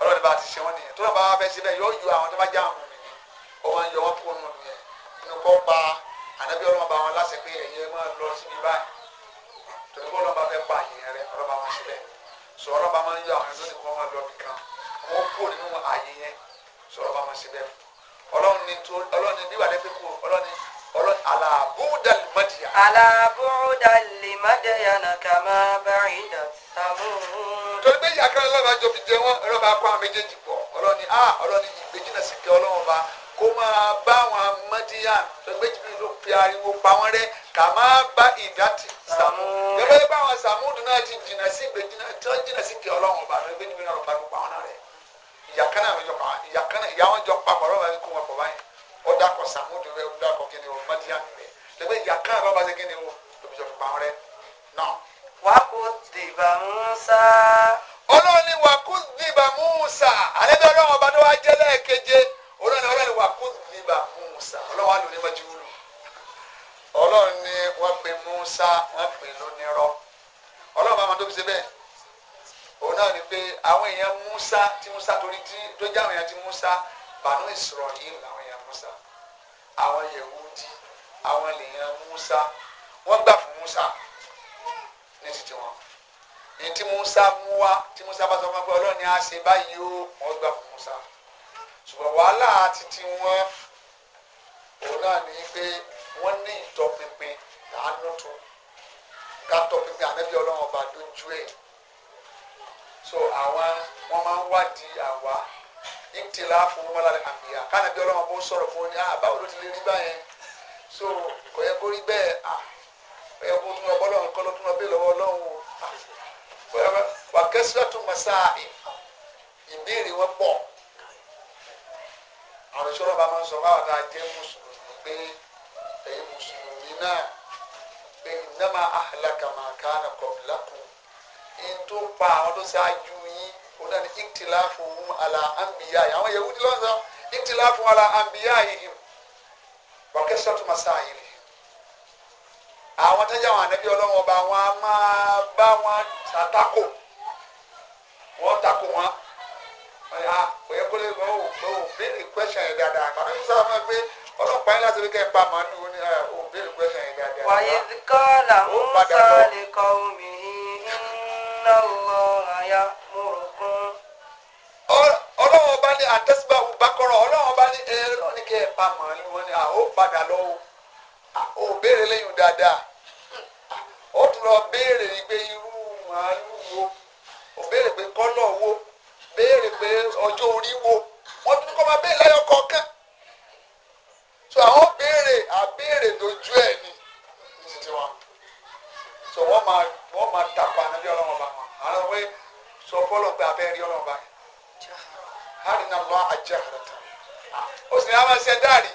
ọlọ́run bá ti ṣe wọ́n nìyẹn tó náà bá wá fẹ́ ṣe bẹ́ẹ̀ yóò yọ àwọn tó bá já àwọn mi sọ̀rọ̀ bá máa ń yọ àwọn ẹ̀sọ́ ní kọ́ máa lọ bì kan kó kó nínú ààyè yẹn sọ̀rọ̀ bá máa ṣe bẹ́ẹ̀ ọlọ́run ní tó ọlọ́run ní bíbá lẹ́fẹ̀ẹ́ kó ọlọ́run ọlọ́run aláàbùdàlì mọ́dìyà. aláàbùdàlì mọ́dìyà nà máa bá ìdà sàmú. torí pé ìyá kan lọ́ba jọ fi jẹ wọn ẹ̀rọ bá àwọn méjèèjì pọ̀ ọlọ́run ní ah ọlọ́run ní ìgbéjì náà sì kẹ́ ọlọ́run ọba kó máa bá àwọn mọ́dìyà torí kàmá gba ìdátì sàmú gẹ́gẹ́ bá àwọn sàmúdù náà ti jìnnà sí ìgbè jìnnà tí wọ́n jìnnà sí ìgbè ọlọ́run ọba rẹ̀ gbé níbi náà lọ́pàá gbogbo àwọn náà rẹ̀ ìyàkánná àwọn ìjọba ìyàkánná ìyá wọn jọ papọ̀ lọ́wọ́ ẹni kó wọn pọ̀ báyìí ó dàkọ̀ sàmúdù rẹ̀ ó dàkọ̀ kí ni o mọ́tíyàmì rẹ̀ lẹ́gbẹ́ ìyàkánná lọ́ba ṣe kí o lóbi jọ papọ̀ rẹ̀ náà. wàkú dìbà Musa. olóòní wàkú dìbà Musa alẹ́ bí ọlọ́run ọba tó wá jẹ́ lẹ́ẹ̀keje olóòní ọlọ́run wàkú dìbà Musa ọlọ́run wà ọlọ́run ni wọ́n pe Musa wọ́n pe lónírọ́ ọlọ́run bá wọn tó fi ṣe bẹ́ẹ̀ òun náà ni pé àwọn èèyàn Musa tí Musa torí tí tó jẹ́ àwọn èèyàn tí Musa bànú ìsọ̀rọ̀ yìí làwọn èèyàn Musa àwọn Yehudi àwọn èèyàn Musa wọ́n gbà fún Musa ní títí wọn ní tí Musa mú wá tí Musa bá sọ fún wọn pé ọlọ́run ni a ṣe báyìí ó wọ́n gbà fún Musa ṣùgbọ́n wàhálà títí wọn òun náà ni pé wọ́n ní ìtọpinpin làánú tó ká tọpinpin ànábì ọlọ́run ọba dójú ẹ̀ so àwọn wọ́n máa ń wádìí àwa ìtìlá fún wọn lálẹ́ àmìyá kánábì ọlọ́run bó sọ̀rọ̀ fún ní àbáwò ló ti lè rí báyẹn so kò yẹ kó rí bẹ́ẹ̀ à kò yẹ kó tún lọ bọ́lọ́run kọ́ ló tún lọ bí lọ́wọ́ ọlọ́run o wà kẹ́síwá tún mọ̀ sáà ìbéèrè wọn pọ̀ àwọn ìṣòro bá máa ń sọ fáwọn tá a jẹ́ mùsùlùmí pé ẹ̀yin mùsùlùmí náà pé nàmà àhàlàkà máa na nà kọ̀ọ̀lákù ẹni tó pa àwọn tó ṣe ájú yín ó náà ní ìtìláfù hum àlà àǹbíyá yìí àwọn yẹ̀wù ti lọ́n sọ ìtìláfù àlà àǹbíyá yìí wàkẹ́ sọ́tún màsá yìí rè àwọn tó jẹ́ àwọn ànábì ọlọ́wọ́n ọba wọn a máa bá wọn ṣàtakò wọn takò wọn ọ̀yà òye kó lè lọ òfin ní kwẹ́sàn yẹn dáadáa àgbà nígbà sábà máa gbé ọlọ́pàá yín láti rí kẹ́ ń pa màálù náà ó béèrè pẹ́sẹ̀ yẹn dáadáa. wàyí kọ́lá musa lè kọ́ omi iná lọ àyà múrùkún. ọlọ́wọ́n bá ní àtẹ́sígbà òbákọ́rọ̀ bá ní màálù wọn ni à padà lọ́wọ́ ó béèrè lẹ́yìn dáadáa ó tún lọ béèrè irú màálù wo ó béèrè kọ́lọ̀ wo béèrè pé ọjọ́ orí wo wọ́n tún kọ́ máa béèrè kọ̀ọ̀kan abéèrè lójú ẹ̀ ni títí wọn so wọ́n máa wọn máa dàpọ̀ ànábì ọlọ́wọ́n bá wọn àwọn ọmọ yẹn sọ fọlọ́ pé bá yẹn na lọ àjẹ àrẹ̀tà o sì ní àwọn ẹsẹ̀ dáàrí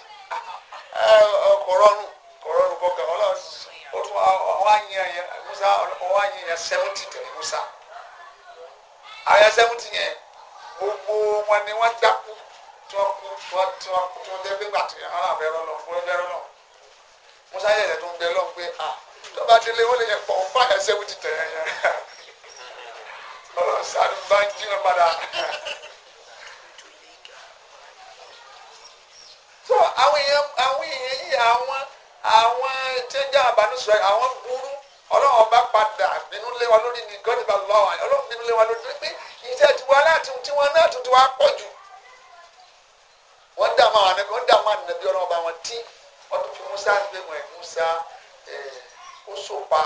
kọ̀rọ̀nù kọ̀rọ̀nù kọ̀ọ̀kan ọlọ́wọ́ àyìn sẹ́wọ́ntì tẹ̀lé musa sẹ́wọ́ntì yẹn gbogbo wọn ni tọ́kú tọ́tọ́kú tó dé gbégbà tí àwọn náà fẹ́ràn lọ fún ẹgbẹ́ náà musa yẹ̀yẹ̀ tó ń bẹ lọ́n pé à tó bá délé wọ́n lè yẹ pọ̀ fún àyẹ̀sẹ̀ wí ti tẹ̀ ẹ̀ yẹn ọlọ́run sáré bá ń jí wọn padà. so àwọn èèyàn àwọn lé wa lórí ní gọ́dìbà lọ́wọ́ ọlọ́run nínú lé wa lórí pé ìṣẹ́ tiwa láti tiwọn náà tuntun wa pọ̀ jù wọ́n dá àwọn ànábì wọ́n dá àwọn ànábì ọlọ́wọ́ bá wọn tí wọ́n tún fi Musa gbé wọn Musa ó sopa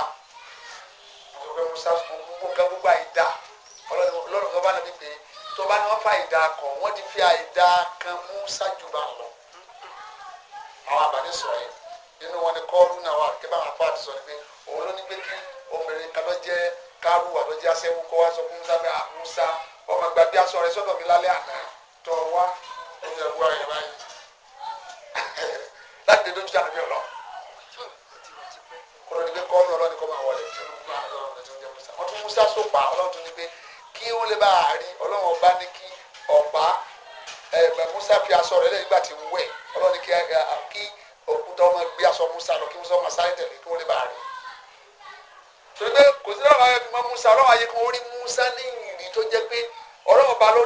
wọ́n fẹ́ Musa gbogbo nǹkan gbogbo àìdá ọlọ́run kan bá nàbí pé tó bá ní wọ́n fa àìdá kan wọ́n ti fi àìdá kan Musa jù bá lọ àwọn àbáni sọ̀rọ̀ yìí nínú wọn ni kọ́ọ̀rù náà wà kí báwọn apá àti sọ ni pé òun ló ní pé kí obìnrin kan lọ jẹ́ kárù àlọ́jẹ́ aṣẹ́wó kọ́ wá sọ fún Musa pé Musa ọmọ ìgbà bí aṣọ rẹ sọ́dọ̀ mi lálẹ́ àná tọ́ wá ẹ̀yin ẹ̀rú ayẹyẹ báyìí láti musa sopa ọlọ́run tún ní pé kí ó lè bá a musa fi aṣọ rẹ̀ lẹ́yìn ìgbà tí ń wẹ̀ ọlọ́run ní musa lọ kí musa ọmọ sáré tẹ̀lé kí ó lè bá a ayé musa ọlọ́run ayé kan ó rí musa ní ìrì tó jẹ́ pé ọlọ́run ló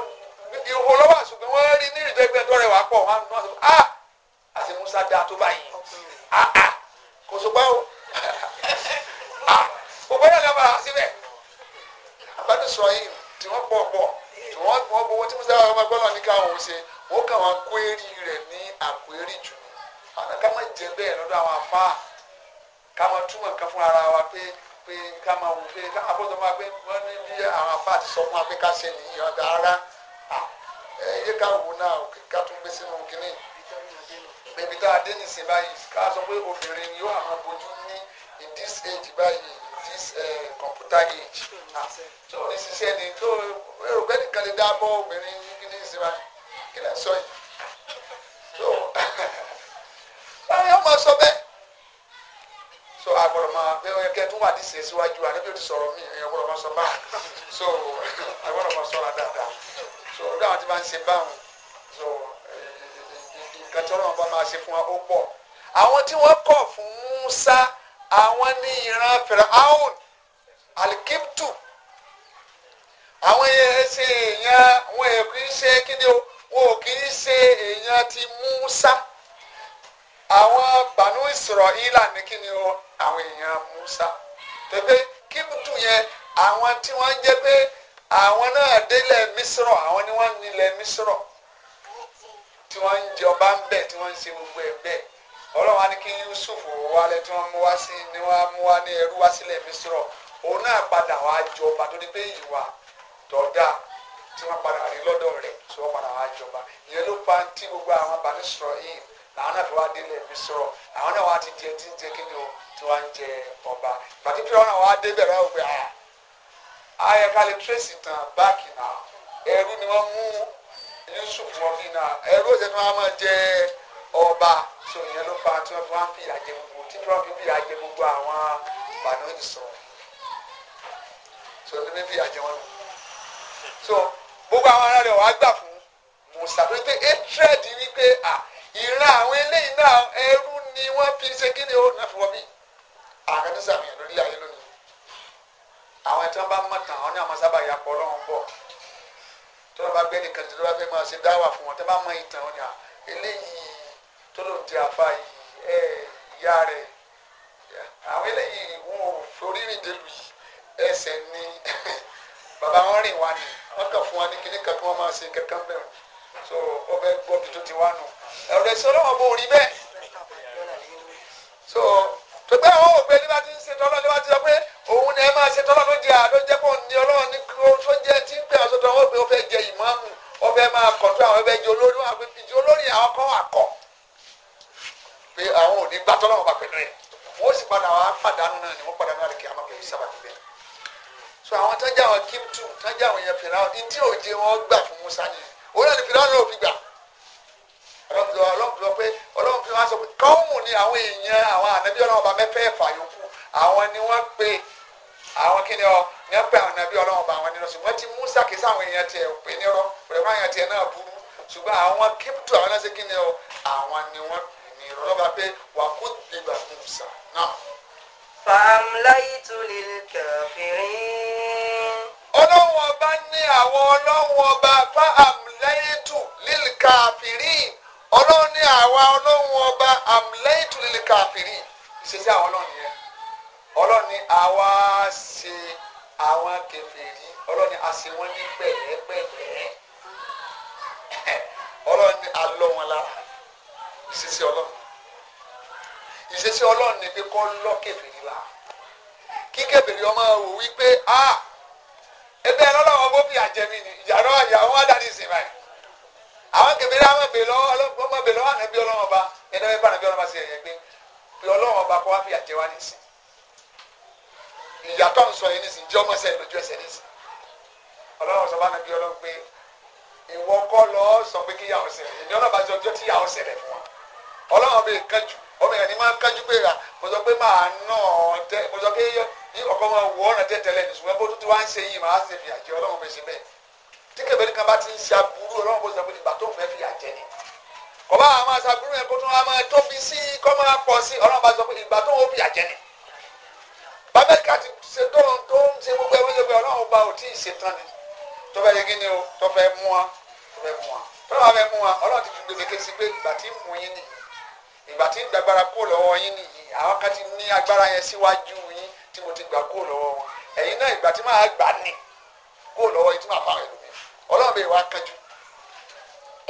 ìhò lọ́wọ́ àṣùgbọ́n wọ́n rí ní ìdẹ́gbẹ́ tó rẹwà pọ̀ wọn náà sọ ah àti musa da tó báyìí ah ah kò sọ báwo (laughs) ah gbogbo yẹn lọ́ba síbẹ̀ àbádù sọ yìí tí wọ́n pọ̀ pọ̀ tí wọ́n wọ́n gbowó tí musa wà gbọ́dọ̀ ní káwọn ò ṣe wọ́n kàn wọ́n kó eré rẹ̀ ní àpò eré jù àwọn ká má jẹ bẹ́ẹ̀ lọ́dọ̀ àwọn afá ká má túmọ̀ nǹkan fún ara wa pé pé ká má wù pé ká má bọ́dọ̀ máa pé wọ́n ní bí àwọn afá ti sọ fún wa pé ká ṣe nìyí ọ̀dọ̀ ara ẹ yé ká wò náà ká tún gbé sínú kínní bèbí tá a dé nìsín báyìí ká sọ pé obìnrin yóò àwọn bójú ní in this age báyìí in this eh, computer age ah, tó ní ṣiṣẹ́ ni tó èrò pé nìkan lè dá bọ́ obìnrin kínní sí báyìí kí lè sọ yìí tó (laughs) báyìí ọmọ sọ bẹ́ẹ̀ so agbọ́dọ̀ máa bẹ́ẹ̀ kẹ́ tún wà ní ìsìn síwájú àdébíyòtì sọ̀rọ̀ mi ẹ̀yọ́ gbọ́dọ̀ máa sọ báyìí so agbọ́dọ̀ (laughs) máa sọ̀rọ̀ dáadáa so ó dáhùn tí wọ́n ṣe báwọn so eh, nǹkan tí wọ́n bá máa ṣe fún wa ó pọ̀ àwọn tí wọ́n kọ̀ fún Musa àwọn ní ìran Firaun alikiptu àwọn yẹn ṣe èèyàn wọn ò kì í ṣe kí ni o wọn ò kì í ṣe èèyàn ti Musa àwọn bànú Ísírẹ́lì ní kí ni o àwọn èèyàn Musa tẹ́fẹ́ kíptù yẹn àwọn tí wọ́n jẹ́ pé àwọn náà délẹ̀ mísírọ̀ àwọn ni wọ́n nílẹ̀ mísírọ̀ tí wọ́n ń jẹ ọba bẹ̀ tí wọ́n ń ṣe gbogbo ẹ̀ bẹ́ẹ̀ ọlọ́run á ní kí Yusuf wálẹ̀ tí wọ́n mú wá sí ni wọ́n mú wá ní ẹrú wá sílẹ̀ òun náà padà wá jọba tó ní pé ìwà tọ́da gbogbo àwọn sọ̀rọ̀ yìí làwọn náà fi wá àwọn náà wá ti jẹ ń jẹ kí ọba náà wá ayẹ ká lè tracy tán báàkì náà ẹrú ni wọ́n mú Yusuf wọn bí náà ẹrú òṣèlú wọn máa jẹ ọba tó ìyẹn ló fa tí wọ́n fi wọn fìyà jẹ gbogbo tí wọ́n fi fìyà gbogbo àwọn bàánú ìsọ̀rọ̀ sọ̀rọ̀ ní fìyà jẹ wọn so gbogbo àwọn ará rẹ̀ wàá gbà fún Musa pé pé hatred wípé ìran àwọn eléyìí náà ẹrú ni wọ́n fi ṣe kí ni ó náà fi wọ́n bí àkàtúnṣe àmì ìrìn lórí ayélujára àwọn ẹtí wọn bá mọ tán àwọn ní àwọn sábà yà pọ̀ ọlọ́run bọ̀ tó lọ́ba gbé nìkan tó lọ́ba fẹ́ máa ṣe dáwà fún wọn tó bá mọ ìtàn wọn ni à eléyìí tó ló di àfa yìí ẹ ìyá rẹ àwọn eléyìí wọn ò forí rìn délùú yìí ẹsẹ̀ ni (laughs) bàbá wọn rìn wá ni wọn kàn fún wa ní kíní kan kí wọn máa ṣe kankan bẹ̀rẹ̀ so ọbẹ̀ gbọ́bi tó ti wá nù ẹ̀rọ ìṣòro wọn bò rí bẹ́ẹ̀ so tó gbé àwọn òpè nígbà tí ń ṣe tọ́lọ́ níwájú sọ òun ni ẹ máa ṣe tọ́lá ló jẹ àló jẹ́ pọ̀ ní ọlọ́run ní oṣù jẹ́ tí ń pè àwọn sọ́tọ̀ ó fẹ́ jẹ ìmáàmù ó fẹ́ máa kọ̀tún àwọn ẹgbẹ́ jẹ olórí wọn àgbẹ̀ ìdí olórí àwọn kan wà kọ̀ pé àwọn ò ní gbá tọ́lá wọn bá pẹ̀lú ẹ̀ wọ́n sì padà wá pàdánù náà ni wọ́n pàdánù àlèkè àmọ́ pẹ̀lú sábà níbẹ̀ so àwọn tájà àwọn kíntù tájà àwọn yẹn fìlà wọn ìdí òjé wọn gbà fún Musa nìyẹn òun náà ni fìlà wọn ò fi gbà ọlọ́run fi wọ́n pé ọlọ́run fi sọ pé káwọn mú ni àwọn èèyàn àwọn ànábí ọlọ́run ọba mẹ́fẹ́ẹ̀fà àwọn ni wọ́n pe àwọn kí ni ọ ní pẹ àwọn nàbí Ọlọ́run bá àwọn nínú ṣùgbọ́n tí Musa kì í sáwọn èèyàn tiẹ̀ pè ní rọ pẹ̀lú àwọn èèyàn tiẹ̀ náà burú ṣùgbọ́n àwọn kíptù àwọn ẹlẹ́sìn kí ni ọ àwọn ni wọ́n ní ìrọ̀lọ́ba pé wà kó dìgbà Musa náà. famlaitu lil kafirin. Ọlọ́run ọba ní àwọn Ọlọ́run ọba famlaitu lil kafirin Ọlọ́run ní àwa Ọlọ́run ọba amlaitu lil kafirin ìṣesí àwọn Ọlọ́run yẹn ọlọ́run ni àwa ṣe àwọn kèfèrí ọlọ́run ni a ṣe wọ́n ní pẹ̀lẹ́pẹ̀lẹ́ ọlọ́run ni a lọ wọn lára ìṣesí ọlọ́run ìṣesí ọlọ́run ni pé kọ́ lọ kèfèrí la kí kèfèrí ọmọ wò wípé a ebe ẹ bó fi àjẹmí ni ìyàrá ìyàwó wá dáadé sí báyìí àwọn kèfèrí àwọn èbè lọ́wọ́ ọmọ èbè lọ́wọ́ àná bí ọlọ́wọ́ bá ẹ̀dá bẹ́ẹ̀ bá àná bí ọlọ́wọ́ bá sí ẹ̀yẹ gbé bí ọlọ́wọ́ bá kọ́ wá fi àjẹ wá ní ìyàtọ̀ nsọ yẹn nísìn jẹ́ ọmọ sẹ́yìn lójú ẹsẹ̀ nísìn ọlọ́run sọ bá nàbí ọlọ́run pé ìwọ kọ́ lọ sọ pé kí yà ọ ṣẹlẹ̀ èmi ọlọ́run bá jẹ ọjọ́ tí yà ọ ṣẹlẹ̀ fún wa ọlọ́run bẹ kájú ọmọ yẹn ni máa kájú pé ra mo sọ pé máa nà ọ tẹ mo sọ pé yí ọkọ máa wọ ọ̀nà tẹ́tẹ́lẹ̀ ní ṣùgbọ́n bó tó wá ń ṣe yìí máa ṣe fìyà jẹ ọlọ́run bẹ ṣe bẹ́ẹ̀ tí kẹfẹ́rí kan bá ti ni kọ́ bá àwọn aṣaburú yẹn kó tún wá máa tóbi sí kọ́ máa pọ̀ sí ọlọ́run bá sọ pé ìgbà tó ń fìyà jẹ bàmẹ́ríkà ti ṣe tó ń tó ń ṣe gbogbo ẹgbẹ́ ìjọba ọlọ́run ọba ò tí ì ṣe tán ni tó fẹ́ yẹ kí ni o tó fẹ́ mú wa tó fẹ́ mú wa tó lọ́wọ́ fẹ́ mú wa ọlọ́run ti fi gbèdéke sí pé ìgbà tí mú yín nìyí ìgbà tí ń gbàgbára kó lọ́wọ́ yín nìyí àwọn kan ti ní agbára yẹn síwájú yín tí mo ti gbà kó lọ́wọ́ wọn ẹ̀yin náà ìgbà tí máa gbà ní kó lọ́wọ́ yín tí máa fáwọn ẹlòmíì ọlọ́run bẹ̀ wá kánjú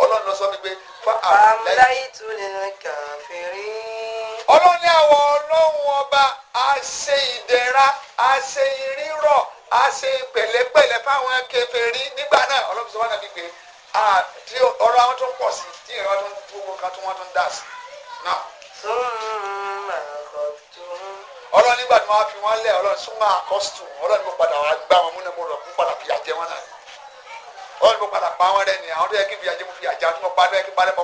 ọlọ́run lọ sọ mi pé fún àwọn lẹ́yìn ọlọ́run ní àwọn ọlọ́run ọba a ṣe ìdẹ̀ra a ṣe ìrírọ̀ a ṣe pẹ̀lẹ́pẹ̀lẹ́ fáwọn kèfèrí nígbà náà ọlọ́run sọ wọn náà gbígbé tí ọ̀rọ̀ àwọn tó ń pọ̀ sí tí ìrọ̀ tó ń gbogbo kan tó wọ́n tó ń dà sí náà. ọlọ́run nígbà tí wọ́n fi wọ́n lẹ̀ ọlọ́run súnmọ́ àkọ́sùtù ọlọ́run mo padà wá gbá wọn múnà mo rọ̀ mo padà fìyà jẹ wọn náà ọlọ́run mo padà pa wọn rẹ ni àwọn tó yẹ kí fìyà jẹ mo fìyà jẹ àwọn mo pa lọ́yẹ kí parẹ́ mo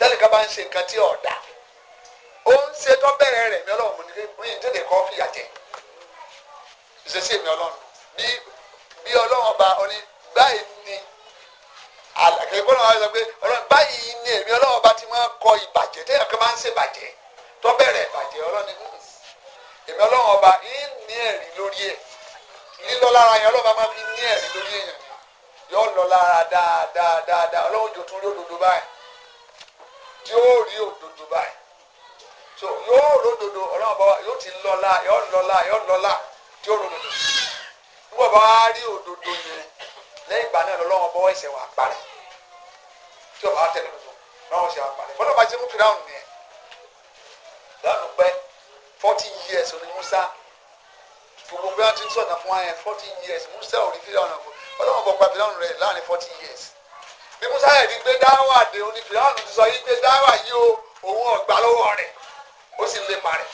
tẹ́nìkan bá ń ṣe nǹkan tí ò da ó ń ṣe tó bẹ̀rẹ̀ rẹ̀ mi ọlọ́run mo ní bí ìdílé kan fìyà jẹ ìṣesí mi ọlọ́run bí bí ọlọ́run ọba oní báyìí ni àkẹ́kọ̀ọ́ náà wá sọ pé ọlọ́run báyìí ni èmi ọlọ́run ọba ti máa kọ ìbàjẹ́ tẹ́yàn kan máa ń ṣe bàjẹ́ tó bẹ̀rẹ̀ ìbàjẹ́ ọlọ́run ní hmm, èmi ọlọ́run ọba ń ní ẹ̀rí lórí ẹ̀ lílọ lára yẹn ọlọ́run máa fi ní ẹ̀rí lórí èèyàn yọ lọ lára dáadáa dáadáa ọlọ́run jò tún rí báyìí tí ó rí òdodo báyìí so yóò ródodo ọlọ́run bá wa yóò ti lọ́la yóò lọ́la yóò lọ́la tí ó ródodo nígbà bá rí òdodo yẹn lẹ́yìn ìgbà náà lọ́wọ́ bọ́ ẹsẹ̀ wà parẹ́ tí ọba tẹ̀lé lọ́wọ́ lọ́wọ́ ẹsẹ̀ wà parẹ́ bọ́lá bá ṣe mú firaun yẹn lánàá pẹ́ fourteen years ní musa gbogbo bí wọ́n ti ń sọ̀tàn fún wa yẹn forty years musa ò rí firaun náà fún ọlọ́wọ́ bọ̀ pa firaun rẹ̀ láàrin forty years ní musa yẹn ti gbé dáwà dé oní fìlànà ti sọ yìí gbé dáwà yìí o òun ọgbà lọ́wọ́ rẹ̀ ó sì lè parẹ́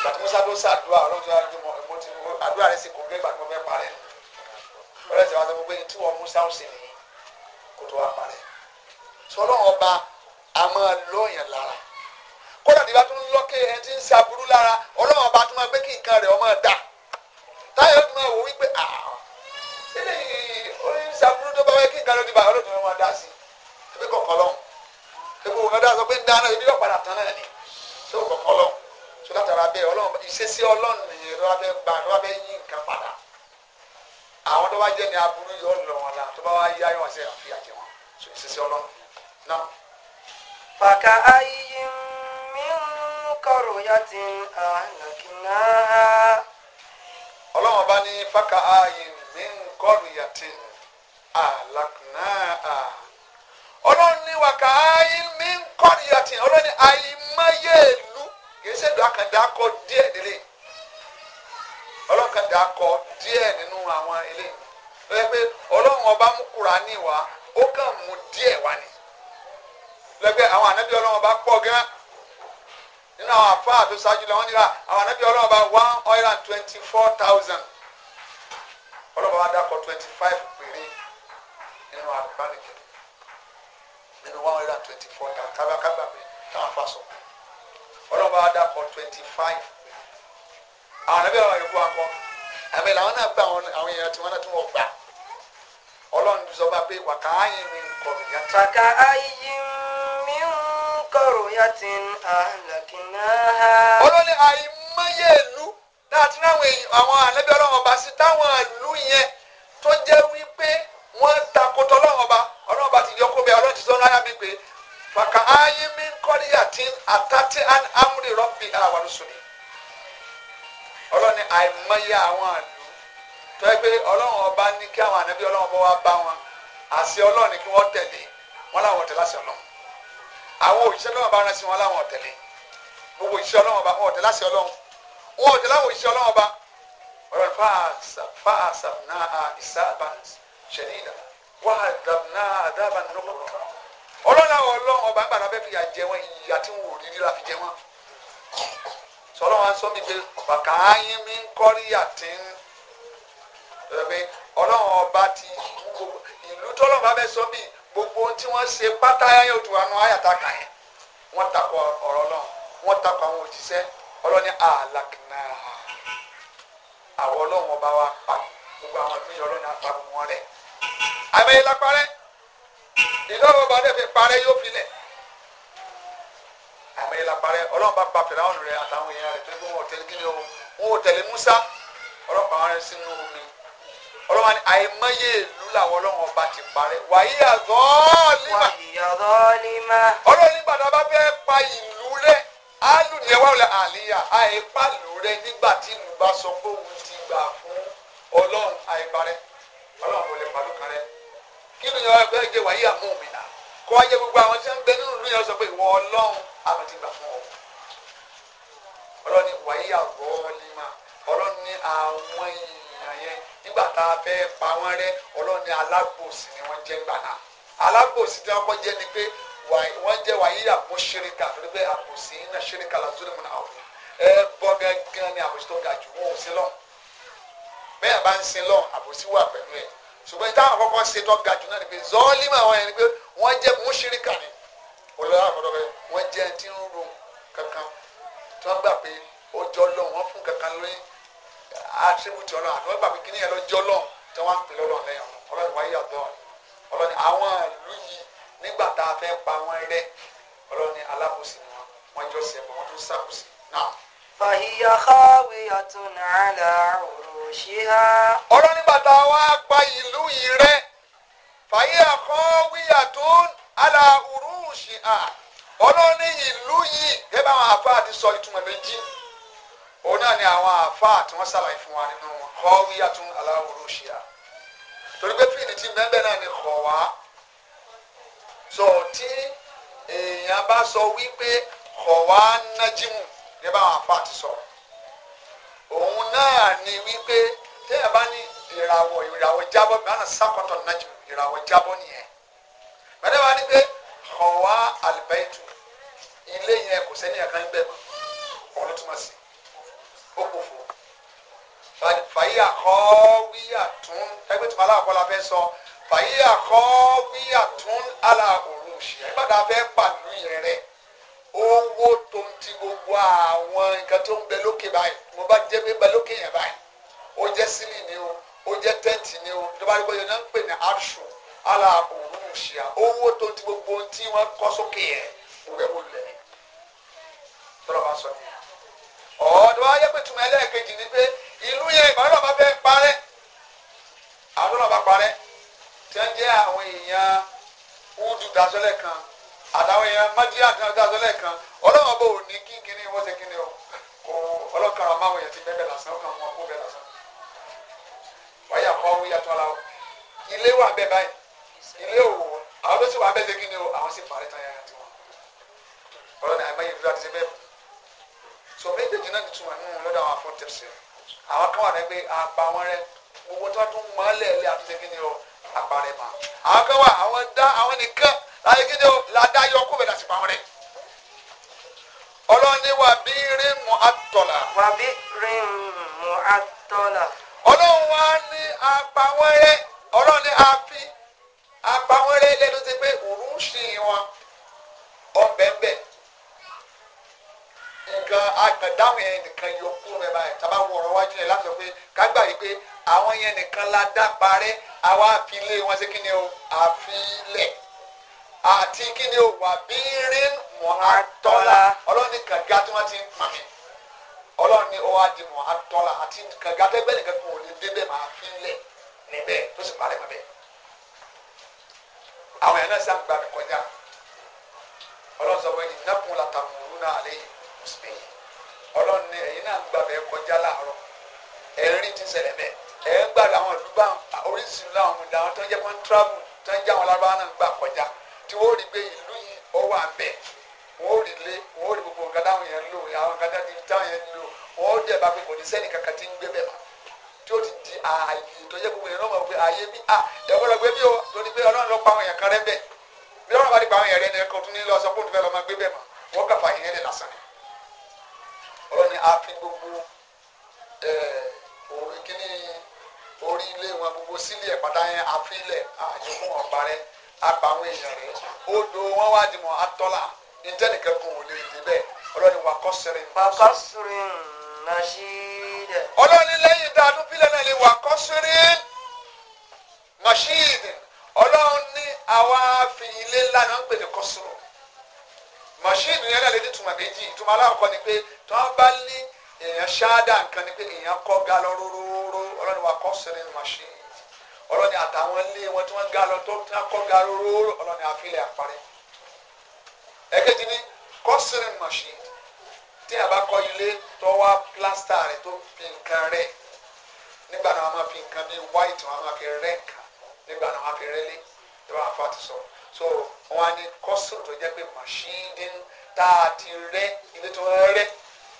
gbàtí musa tó sàdúrà ọlọ́dún àdúrà mo ti àdúrà rẹ̀ sì kò gbé gbàtí mo fẹ́ parẹ́ ọlọ́dún ti wá sọ fún pé tí wọ́n musa ó sì nìyí kó tó wá parẹ́ sọlọ́ ọba a máa lọ́ọ̀yàn lára kódà tí bá tún lọ́kẹ́ ẹ ti ń ṣàbúrú lára ọlọ́wọ́n ọba tún máa gbé kí nǹkan rẹ̀ ọmọ dà táyà ó tún máa wò wípé àà eléyìí eh, orin sàbúrú tó bá wẹ́ kí nǹkan ló ti bá ọlọ́dún wọn dá sí ebi kọ̀ọ̀kan lọ́hùn ebi wọn dá sọ pé ń dáná ebi yóò padà náà ni tó kọ̀ọ̀kan lọ́hùn tó látara bẹ́ẹ̀ ọlọ́run ìṣesí ọlọ́run nìyẹn tó bá fẹ́ gbà tó bá fẹ́ yí nǹkan padà àwọn tó bá jẹ́ ní aburú yóò lọ wọn la tó bá wá yá yóò ṣe àfihàn jẹ wọn so ìṣesí ọlọ́run náà. fàkà ayé mi ń kọ̀rọ̀ ya ti àlàkìnà. kọ́rìyàtìn àlàkùnáà ọlọ́run ní wàkà àìmí kọ́rìyàtìn ọlọ́run ní àìmọye ìlú kìí ṣèlú àkàndàkọ díẹ̀ nílé ọlọ́run kàndàkọ díẹ̀ nínú àwọn ilé lẹ́gbẹ́ ọlọ́run ọba mú Kùránì wá ọba pọ̀ gan nínú àwọn àfáà tó ṣáájú lọ ọba one hundred and twenty four thousand. ọlọ́ba wa dákọ̀ twenty five péré nínú àgbáníkẹ́ nínú one hundred and twenty four kábàkábà mi táwọn afa sọ ọlọ́ba wa dákọ̀ twenty five àwọn ẹbí àwọn yòókù akọ àmì làwọn náà gba àwọn èèyàn tí wọn náà tún wọ gbà ti sọ bá pé wàkà áyìn mi kọ̀rò wàkà mi yàtì olórí láti ráwọn àwọn ànábì ọlọ́run ọba sí táwọn ìlú yẹn tó jẹ́ wípé wọ́n takotọ́ ọlọ́run ọba ọlọ́run ọba ti yọ kó ọlọ́run ti sọ náírà mi pé fàkà ayé mi ń kọ́lé àti àtàtì amúlè rọ́bì àwọn sùnì ọlọ́run àìmọye àwọn àlù tó yẹ ọlọ́run ọba ní kí àwọn ànábì ọlọ́run ọba wá bá wọn àṣẹ ọlọ́run kí wọ́n tẹ̀lé wọn láwọn tẹ̀lé àṣẹ ọlọ́run àwọn òṣìṣẹ́ ọlọ́run ọba rán sí wọn láwọn tẹ̀lé gbogbo òṣìṣẹ́ ọlọ́run ọba wọn tẹ̀lé àṣẹ ọlọ́run wọn ò tẹ̀lé àwọn òṣìṣẹ́ ọlọ́run ọba ọ̀rọ̀ fàásà fàásà náà ìsáàbà ṣẹ̀dídà wà náà àdàbà nọ́kọ̀ọ́ ọlọ́run àwọn ọlọ́run ọba gbàdá fẹ́ fi yà jẹ wọn ìyà tí wọn ò rí nílà fi jẹ wọn sọlọ́ wa sọ mi pé bàkàáyín mi ń kọ́rí àti ń ọlọ́run ọba ti ìlú tọ́lọ́run bá fẹ́ sọ mi gbogbo ohun tí wọ́n ṣe pátá yóò tún wà nù ayàtà kàn yẹn wọ́n takọ ọ̀rọ̀ náà wọ́n takọ àwọn òjíṣẹ́ ọlọ́ni àlàkìnà àwọn ọlọ́run ọba wa pa gbogbo àwọn ìpínlẹ̀ ọlọ́ni àpapọ̀ wọn rẹ̀ àmẹ́yẹ la parẹ́ ìdọ́wọ́ ọba dẹ̀ fi parẹ́ yóò filẹ̀ àmẹ́yẹ la parẹ́ ọlọ́run bá pa fìlàwọn rẹ̀ àtàwọn èèyàn rẹ̀ tó ń gbọ́ kí ni o wọn ò tẹ̀lé Musa ọlọ́run pa wọn rẹ̀ sínú omi ọlọ́wọ́n ni àìmọye ìlú làwọn ọlọ́wọ́n ọba ti parẹ́ wàyí àgọ́ ọ́ọ́límà ọlọ́run nígbà alu ni ẹ wá wọlé àlìyá àìpá lù rẹ nígbà tí ìlú bá sọ pé òun ti gbà fún ọlọ́run àìparẹ́ ọlọ́run kò lè pàlú kan rẹ kí ló ń yọ ẹgbẹ́ ìgbé wáyé àmú mi nà kó wáyé gbogbo àwọn tí wọ́n bẹ nínú ìlú yẹn sọ pé ìwọ ọlọ́run àwọn ti gbà fún ọ ọlọ́run ni wáyé àgọ́ ọlẹ́mà ọlọ́run ni àwọn èèyàn yẹn nígbà tá a fẹ́ pa wọ́n rẹ́ ọlọ́run ni alágbòsí ni wọ́n jẹ́ gbàná alágbòsí tí wọ́n kọ́ jẹ́ ni pé wọ́n jẹ́ wàá yíyà bọ́ ṣeréka àfi pé àbòsí iná ṣeréka la zoro mun àwọn ẹ bọ́ gángan ni àbòsí tó ga jù wọ́n ò sí lọ bẹ́ẹ̀ bá ń sin lọ àbòsí wà pẹ̀lú ẹ̀ ṣùgbọ́n ìta àkọ́kọ́ ṣe tó ga jù náà ni pé zọ́ọ́límà wọn yẹn ni pé wọ́n jẹ́ mú ṣeréka ni olórí àkọ́dọ́ bẹ́ẹ̀ wọ́n jẹ́ ti ń ro kankan tí wọ́n gbà pé ó jọ lọ wọ́n fún kankan lórí attribute ọlọ́run àti wọ́n gbà pé kíní yẹn nígbà tá a fẹ́ pa wọ́n rẹ́ ọlọ́ni alábòsí ni wọ́n wọ́n jọ sẹ́gun wọ́n tún sàbòsí náà. fàhíyà káwé àtúnà àlà òròṣìá. ọlọ́ni bàtà wa pa ìlú yìí rẹ́ fàhíyà káwé àtúnà àlà òròṣìá ọlọ́ni ìlú yìí gẹ́gẹ́ àwọn àfáà ti sọ ìtumọ̀ méjì òun náà ni àwọn àfáà tí wọ́n ṣàlàyé fún wa nínú wọn kọ́ wíyà tún aláwòrán ṣe à torí pé fíìlì tí mẹ́bẹ̀ náà ni kọ̀ wá so tí èèyàn bá sọ wípé kọ̀wá nájímù ní bá àwọn apá ti sọ òun náà ni wípé téèyàn bá ní ìràwọ̀ ìràwọ̀ jábọ́ bí wọ́n á sàkọ́tọ̀ nájímù ìràwọ̀ jábọ́ nìyẹn bẹ́ẹ̀ bá ní pé kọ̀wá àlùbáyìtù ilé yẹn kò sẹ́ni ẹ̀ka ń bẹ̀ mọ́ ọ̀rọ̀ túmọ̀ sí ó kò fò fàyí àkọ́wíyà tún ẹgbẹ́ tí mo aláwọ̀ kọ́ la fẹ́ sọ. So, fàyè àkọ́ wíyà tún àlà òru ṣì nígbàdá fẹ́ pàlú yẹn rẹ owó tó ń ti gbogbo àwọn nǹkan tó ń bẹ lókè báyìí mo bá jẹ́ pé bẹ lókè yẹn báyìí ó jẹ́ sílì ni o ó jẹ́ tẹ́ǹtì ni o tó bá rí bóyá náà ń pè ní arṣu àlà òru ṣì owó tó ń ti gbogbo ohun tí wọ́n kọ́ sókè yẹn gbogbo ẹ̀ wò lẹ̀ tọ́lọ́ bá sọ ni ọ̀ọ́dọ̀ ayé pé tùmọ̀ ẹlẹ́ẹ̀kejì ni pé ìlú yẹn ìgbàlódé fẹ́ parẹ́ àwọn ọba parẹ́ tí wọ́n jẹ́ àwọn èèyàn húdù dasọ́lẹ̀ kan àtàwọn èèyàn májíà kan dasọ́lẹ̀ kan ọlọ́run bò ní kí kíní wọ́n ṣe kíní o kò ọlọ́kan àwọn àwọn èèyàn ti bẹ́ẹ̀ bẹ́ẹ̀ lásán ọkàn wọn kó bẹ́ẹ̀ lásán wáyà kọ́ yàtọ̀ ara o ilé wà bẹ́ẹ̀ báyìí ilé òwò àwọn tó sì wà bẹ́ẹ̀ ṣe kíní o àwọn sì parí tán yàrá tiwọn ọlọ́run àìmọ́ yìí fúlá ti ṣe bẹ́ẹ̀ so méjèèjì náà ti tún wà nínú lọ́dọ̀ àwọn afọ́ntẹ̀sẹ̀ àwọn kan wà ní pé àpá wọn rẹ gbogbo tó tún mọ́ lẹ́ẹ̀lẹ́ àtúnṣe kíní o àparẹ́ mọ́ àwọn kan wà àwọn dá àwọn nìkan láyé gidi o làdá yọ kó bẹ̀rẹ̀ àti pàwọn rẹ̀ ọlọ́ni wà bí rí mu àtọ̀là. wà bí rí mu àtọ̀là. ọlọ́run wa ní apàwọn rẹ̀ ọlọ́ni àfi apàwọn lẹ́nu ti pé òun ṣì wọn ọ̀bẹ̀ẹ̀bẹ̀ nǹkan agbẹ̀dáhùn yẹn nìkan yọ kúrò mẹ́ba yẹn tàbá wọ̀rọ̀ wájú yẹn láti sọ pé kágbà yìí pé àwọn yẹn nìkan la parẹ́ àwa fi lé wọn sí kíni o àfilẹ̀ àti kíni o wà bí rin mọ̀hátọ́lá ọlọ́ni kàga tí wọ́n ti ń mọ̀ mí di mọ̀hátọ́lá àti kàga tẹ́gbẹ́ nìkan kò ní débẹ̀ máa fi lẹ̀ níbẹ̀ tó sì parẹ́ mọ́ bẹ́ẹ̀ àwọn yẹn náà sá gba mi kọjá ọlọ́run sọ wọ́n yìí la náà lé mùsùlùmí ọlọ́run ní ẹ̀ ń gbàdọ̀ àwọn ìlú bá oríṣiríṣi láwọn ọmọdé àwọn tó ń jẹ́ pọ́n travel tó ń jẹ́ àwọn alábáwá náà gbà kọjá tí wọ́n rí pé ìlú yìí ó wà wọ́n rí lé wọ́n rí gbogbo nǹkan táwọn yẹn lò àwọn nǹkan táwọn yẹn lò wọ́n dẹ̀ bá pé kò ní sẹ́ni kankan tí ń gbé tí ó ti di ààyè tó gbogbo yẹn lọ́mọ pé ààyè pa àwọn orí ilé wọn gbogbo sílé ẹ̀ pátá yẹn àfilẹ̀ àyẹ̀kùn ọ̀gbà rẹ̀ àgbà àwọn èèyàn rẹ̀ odò wọn wá di mọ́ atọ́là ìjẹ́nìkan kan ò lè dé bẹ́ẹ̀ ọlọ́ni wà kọ́ sẹ́rẹ̀. wà kọ́ sẹ́rẹ̀ nà ṣí dẹ̀. ọlọ́ni lẹ́yìn dáadú bílẹ̀ náà lè wà kọ́ sẹ́rẹ̀ nà ṣí àwa fi ilé ńlá ń pè ní kọ́sùrù mọ̀ṣíìnì yẹn náà lè ní ìtumọ̀ méjì ìtumọ̀ aláwọ̀kọ́ ni pé tí wọ́n bá ní èèyàn ṣáádà nǹkan ni pé èèyàn kọ́ ga lọ ọlọ́ni wa kọ́ sẹ́lẹ̀ machine ọlọ́ni àtàwọn ilé wọn tí wọ́n ga lọ tó tí kọ́ ga róró ọlọ́ni àfilẹ̀ àparẹ́ ẹ̀kẹ́jì ni kọ́ sẹ́lẹ̀ machine tí a bá kọ́ ilé tó wá plásítà rẹ̀ tó fi nǹkan rẹ̀ nígbà náà wọ́n máa fi nǹkan bíi white wọ́n máa fi rẹ́ nǹkan nígbà náà wọ́n máa fi rẹ́lé tí wọ́n àfa ti sọ so wọ́n á ní kọ́sùn tó jẹ́ pé machine tá a ti rẹ́ ilé tó rẹ́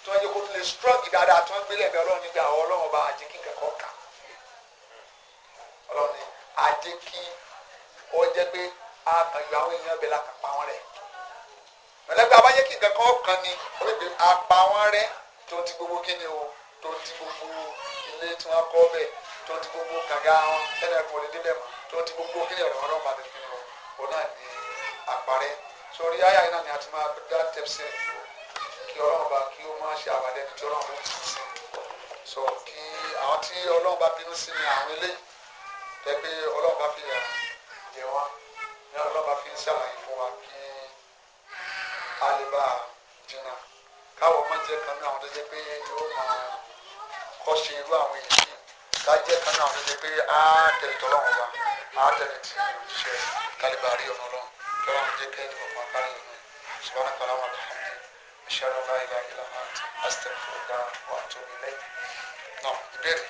tí wọ́n jẹ́ kó lè strong dáadáa tí wọ́n gbélé ẹ̀bẹ̀ ọlọ́run nígbà ọlọ́run ọba àjẹkí kẹ́kọ̀ọ́ ọlọ́run ni a jẹ́ kí ó jẹ́ pé a kàn yọ àwọn èèyàn bẹ̀ la kàn pa wọn rẹ̀ mọ̀lẹ́gbẹ́ abáyé kí nǹkan kan kàn ní oríṣi apá wọn rẹ̀ tó ti gbogbo kíni o tó ti gbogbo ilé tí wọ́n kọ́ bẹ̀ tó ti gbogbo kàga wọn ẹnì ẹ̀fọ́ lè débẹ̀ mọ́ tó ti gbogbo kíni ọ̀rọ̀ wọn lọ́ba tẹ̀sí o òun náà ní àparẹ́ sórí ayé àyè náà ni a ti máa dá tẹ̀sí kí ọlọ́run bá kí ó má ṣe àwàdẹ́ni tí ti sí so kí àwọn tí ọlọ́run bá bínú sí ni àwọn eléyìí tẹ́gbẹ́ ọlọ́run bá fi hàn jẹ wọn ní ọlọ́run bá fi ń ṣàlàyé fún wa kí a lè a jìnnà káwọ ọmọ jẹ kan náà àwọn tó jẹ pé yóò máa kọ́ ṣe irú àwọn èyí yìí ká jẹ kan náà àwọn tó jẹ pé á tẹ̀lé tọ́lọ́run wa á tẹ̀lé tí òṣìṣẹ́ kálíbà rí ọ̀nà ọlọ́run kí ọlọ́run jẹ́ kẹ́ni ọ̀pọ̀ àkárí ọ̀nà ṣùgbọ́n àkàrà wọn lọ́wọ́ ìṣẹ́ ọ̀nà ìlà ìlà àti àṣìṣẹ́ fún ọ̀gá wa tó ilé náà ìbéèrè.